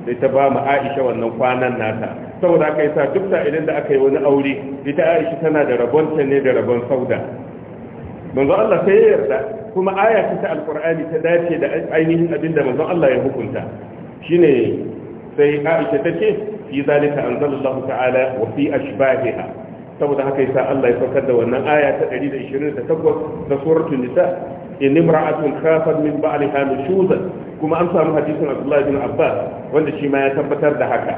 sai ta ba ma Aisha wannan kwanan nata saboda aka yi sa duk idan da aka yi wani aure ita Aisha tana da rabonta ne da rabon sauda manzo Allah sai ya yarda kuma aya ta alqur'ani ta dace da ainihin abin da manzo Allah ya hukunta shine sai Aisha tace fi zalika anzalallahu ta'ala wa fi ashbahiha saboda haka yasa Allah ya saukar da wannan aya ta 128 ta suratul nisa in imra'atun khafat min ba'liha nushuzan kuma an samu hadisin Abdullah bin Abbas wanda shi ma ya tabbatar da haka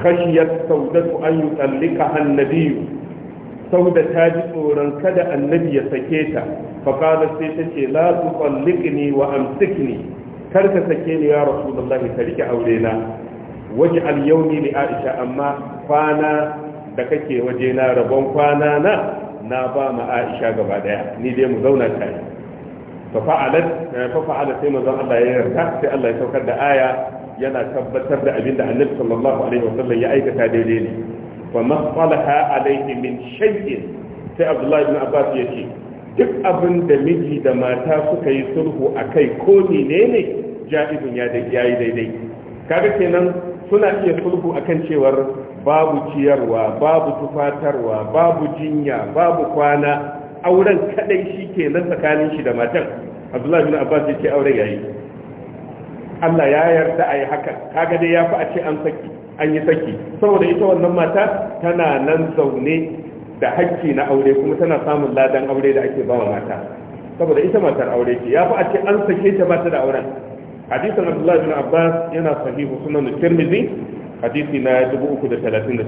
khashiyat saudatu an yutallikaha an-nabiyyu saboda ta ji tsoron kada annabi ya sake ta faƙalar sai ta ce la su kwallikini wa amsikini kar ka sake ni ya rasulullah ka rike aure na waje alyauni li aisha amma kwana da kake waje na rabon kwana na na ba ma aisha gaba daya ni dai mu zauna tare fa fa'alat sai manzon Allah ya yarda sai Allah ya saukar da aya yana tabbatar da abinda annabi sallallahu alaihi wasallam ya aikata daidai ne fa masalaha alayhi min shay'in sai abdullahi ibn abbas ya ce duk abin da miji da mata suka yi sulhu akai ko ne ne ja'izun ya yayi daidai kaga kenan suna iya sulhu akan cewar babu ciyarwa babu tufatarwa babu jinya babu kwana auren kadai shi ke nan tsakanin shi da matan abdullahi ibn abbas ya ce auren yayi Allah ya yarda a yi haka kaga dai ya fi a ce an saki an yi saki saboda ita wannan mata tana nan zaune da hakki na aure kuma tana samun ladan aure da ake bawa mata saboda ita matar aure ce ya fi a ce an sake ta ba ta da auren hadisin abdullahi bin abbas yana sahihu sunan tirmidhi hadisi na 338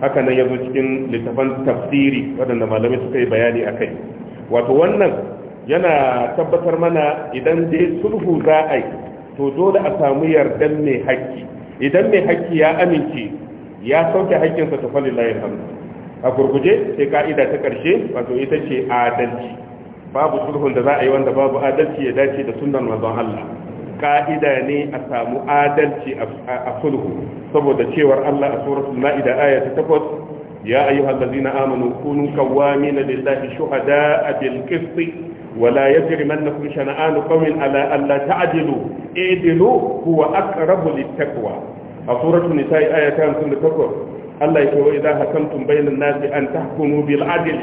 haka nan yazo cikin littafan tafsiri wadanda malamai suka yi bayani kai wato wannan yana tabbatar mana idan dai sulhu za a yi to dole a samu yardan mai hakki idan mai haƙƙi ya amince ya sauke haƙƙinsa ta falin layin hamdu a gurguje sai ka'ida ta ƙarshe wato ita ce adalci babu sulhun da za a yi wanda babu adalci ya dace da sunan mazan Allah ka'ida ne a samu adalci a sulhu saboda cewar Allah a suratul ma'ida aya ta takwas ya ayyuhallazina amanu kunu na lillahi shuhada'a bil qisti ولا يجرمنكم شنآن قوم على ألا تعدلوا اعدلوا هو أقرب للتقوى سورة النساء آية كانت لتقوى الله يقول إذا حكمتم بين الناس أن تحكموا بالعدل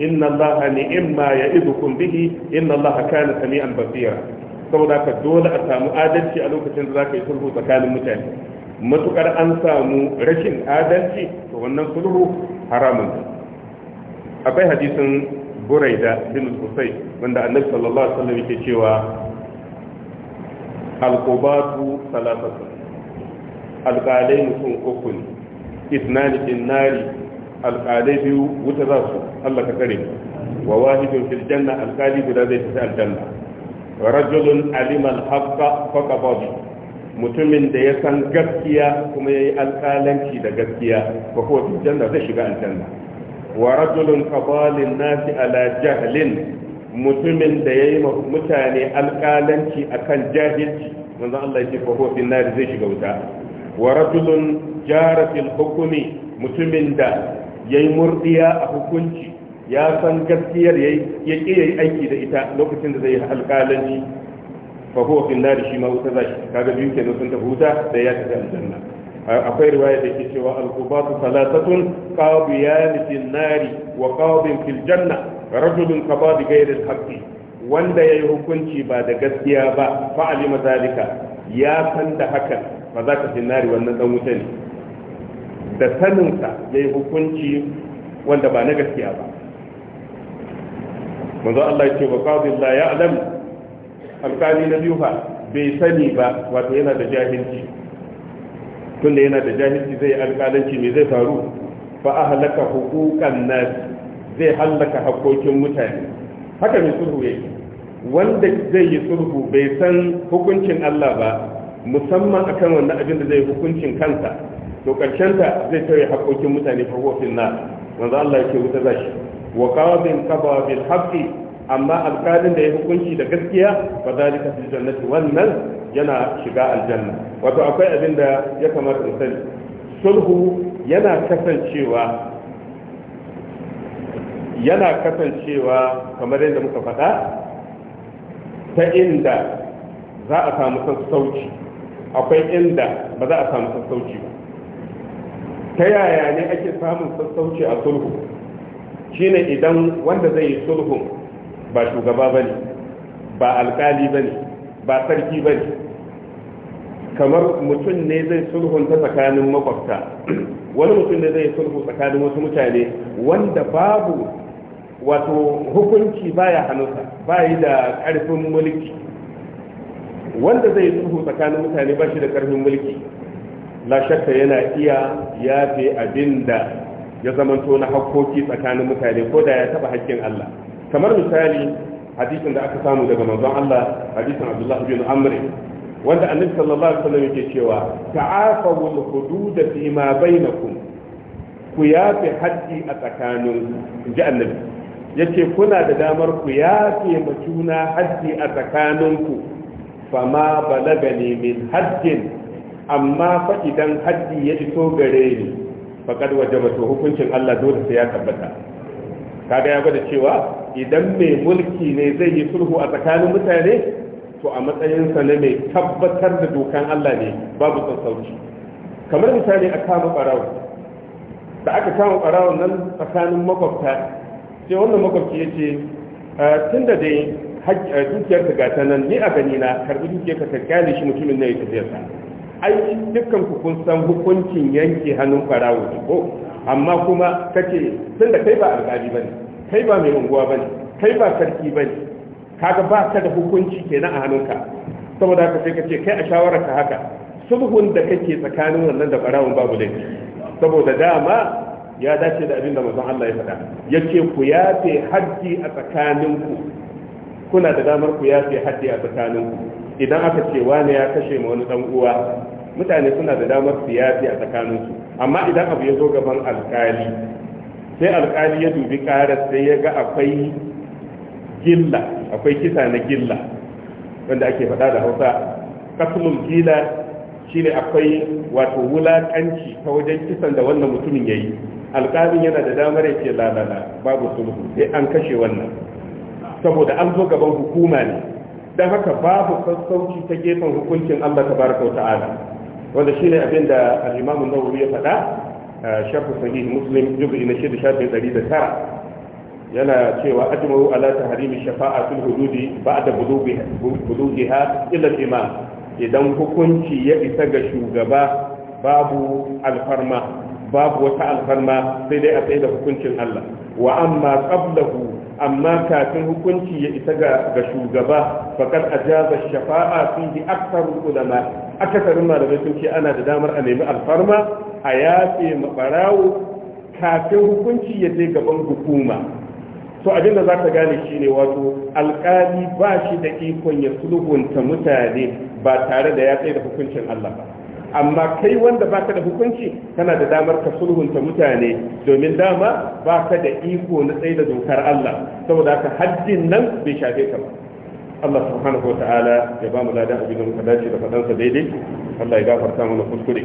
إن الله نعم ما يئذكم به إن الله كان سميعا بصيرا saboda ka dole a samu adalci a lokacin da za ka yi sulhu tsakanin mutane matukar an samu rashin adalci to wannan sulhu haramun akwai hadisin buraida bin usai wanda annabi sallallahu alaihi wasallam yake cewa alqubatu salatatu alqalai mutum uku ne ithnani bin nari alqalai biyu wuta za su Allah ka kare wa wahidun fil janna alqali guda zai tafi aljanna wa rajulun alima Haqqa fa qadabi mutumin da ya san gaskiya kuma yayi alƙalanci da gaskiya ba ko fil janna zai shiga aljanna wa rajulun qabalin nasi ala jahlin mutumin da yayi mutane alkalanci akan jahilci manzo Allah yake fa huwa nar zai shiga wuta wa rajulun jara fil mutumin da yayi murdiya a hukunci ya san gaskiyar yayi iya yi aiki da ita lokacin da zai alƙalanci fa huwa nar shi ma wuta zai kaga biyu kenan sun tafi wuta da ya tafi aljanna akwai riwaya da ke cewa al-qubatu thalathatun qadiyan fil nari wa qadin fil janna rajulun qada bi al wanda yayi hukunci ba da gaskiya ba fa alima zalika ya san da hakan fa zaka fil nari wannan dan wuta ne da saninsa yayi hukunci wanda ba na gaskiya ba manzo Allah ya ce wa qadin la ya'lam alqali na biyu bai sani ba wato yana da jahilci tunda yana da jahilci zai alƙalanci me zai faru fa ahlaka huquqan nas zai halaka hakokin mutane haka ne sulhu yake wanda zai yi sulhu bai san hukuncin Allah ba musamman akan wannan abin da zai hukuncin kansa to karshen ta zai tare hakokin mutane fa huwa fil nar manzo Allah yake wuta zashi wa qadin qaba bil haqqi amma alkalin da ya hukunci da gaskiya fa zalika fil jannati wannan yana shiga aljanna wato akwai abin da ya kamata in sani sulhu yana kasancewa yana kasancewa kamar yadda muka faɗa ta inda za a samu sassauci akwai inda ba za a samu sassauci ba ta yaya ne ake samun sassauci a sulhu shine idan wanda zai yi sulhun ba shugaba ba ne ba alkali ba ne ba sarki ba ne kamar mutum ne zai sulhunta tsakanin makwabta wani mutum ne zai sulhu tsakanin wasu mutane wanda babu wato hukunci baya ba bayi da ƙarfin mulki wanda zai sulhu tsakanin mutane ba shi da ƙarfin mulki la shakka yana iya yafe abin da ya zamanto na hakkoki tsakanin mutane ko da ya taɓa hakkin Allah kamar misali hadisin da aka samu daga manzon Allah hadisin Abdullah bin Amr wanda annabi sallallahu alaihi wasallam yake cewa ta'afawu al-hudud fi ma bainakum ku yafe haddi a tsakanin inji annabi yace kuna da damar ku yafe ma juna haddi a tsakaninku fama balagani min haddin amma fa idan haddi ya iso gare ni faqad wajaba hukuncin Allah dole sai ya tabbata kaga ya gwada cewa idan mai mulki ne zai yi sulhu a tsakanin mutane to a matsayinsa ne mai tabbatar da dokan Allah ne babu sassauci kamar misali a kama barawo da aka kama barawo nan tsakanin makwabta sai wannan makwabci ya ce tun da dai dukiyarka ga ta nan ni a gani na karbi dukiyar ka gane shi mutumin na ya sa. ai dukkan ku kun san hukuncin yanke hannun barawo ko amma kuma kace tun da kai ba alƙali ne. kai ba mai unguwa ba ne, kai ba sarki bane kaga ba ka da hukunci kenan a hannunka saboda haka sai ka ce kai a shawarar ka haka sulhun da kake tsakanin wannan da barawun babu ne saboda dama ya dace da abin da manzon Allah ya faɗa yace ku yafe haddi a tsakaninku kuna da damar ku yafe haddi a tsakaninku idan aka ce wani ya kashe ma wani dan uwa mutane suna da damar su yafe a tsakaninsu amma idan abu ya zo gaban alkali sai alƙali ya dubi ƙarar sai ya ga akwai gilla akwai kisa na gilla wanda ake faɗa da hausa kasulun gila shine akwai wato wulaƙanci ta wajen kisan da wannan mutumin ya yi alƙalin yana da damar ya ce lalala babu sulhu sai an kashe wannan saboda an zo gaban hukuma ne don haka babu sassauci ta gefen hukuncin allah ta wa ta'ala wanda shine abin da alimamin ya faɗa sharh sahih muslim juz'i na shida shafin ɗari da tara yana cewa ajma'u ala shafa'a shafa'atul hududi ba'da bulughiha ila al-imam idan hukunci ya isa ga shugaba babu alfarma babu wata alfarma sai dai a tsaye da hukuncin Allah wa amma qablahu amma kafin hukunci ya isa ga shugaba fakar ajaba shafa'a fihi aktsaru ulama akasarin malamai sun ce ana da damar a nemi alfarma a yafe mabarawo kafin hukunci ya je gaban hukuma to abin da za ka gane shi ne wato alkali ba shi da ikon ya sulhunta mutane ba tare da ya tsaye da hukuncin Allah ba amma kai wanda baka da hukunci kana da damar ka sulhunta mutane domin dama baka da iko na tsaye da dokar Allah saboda haka haddin nan bai shafe ka ba Allah subhanahu wa ta'ala ya ba mu ladan abin da muka dace da fadansa daidai Allah ya gafarta mana kuskure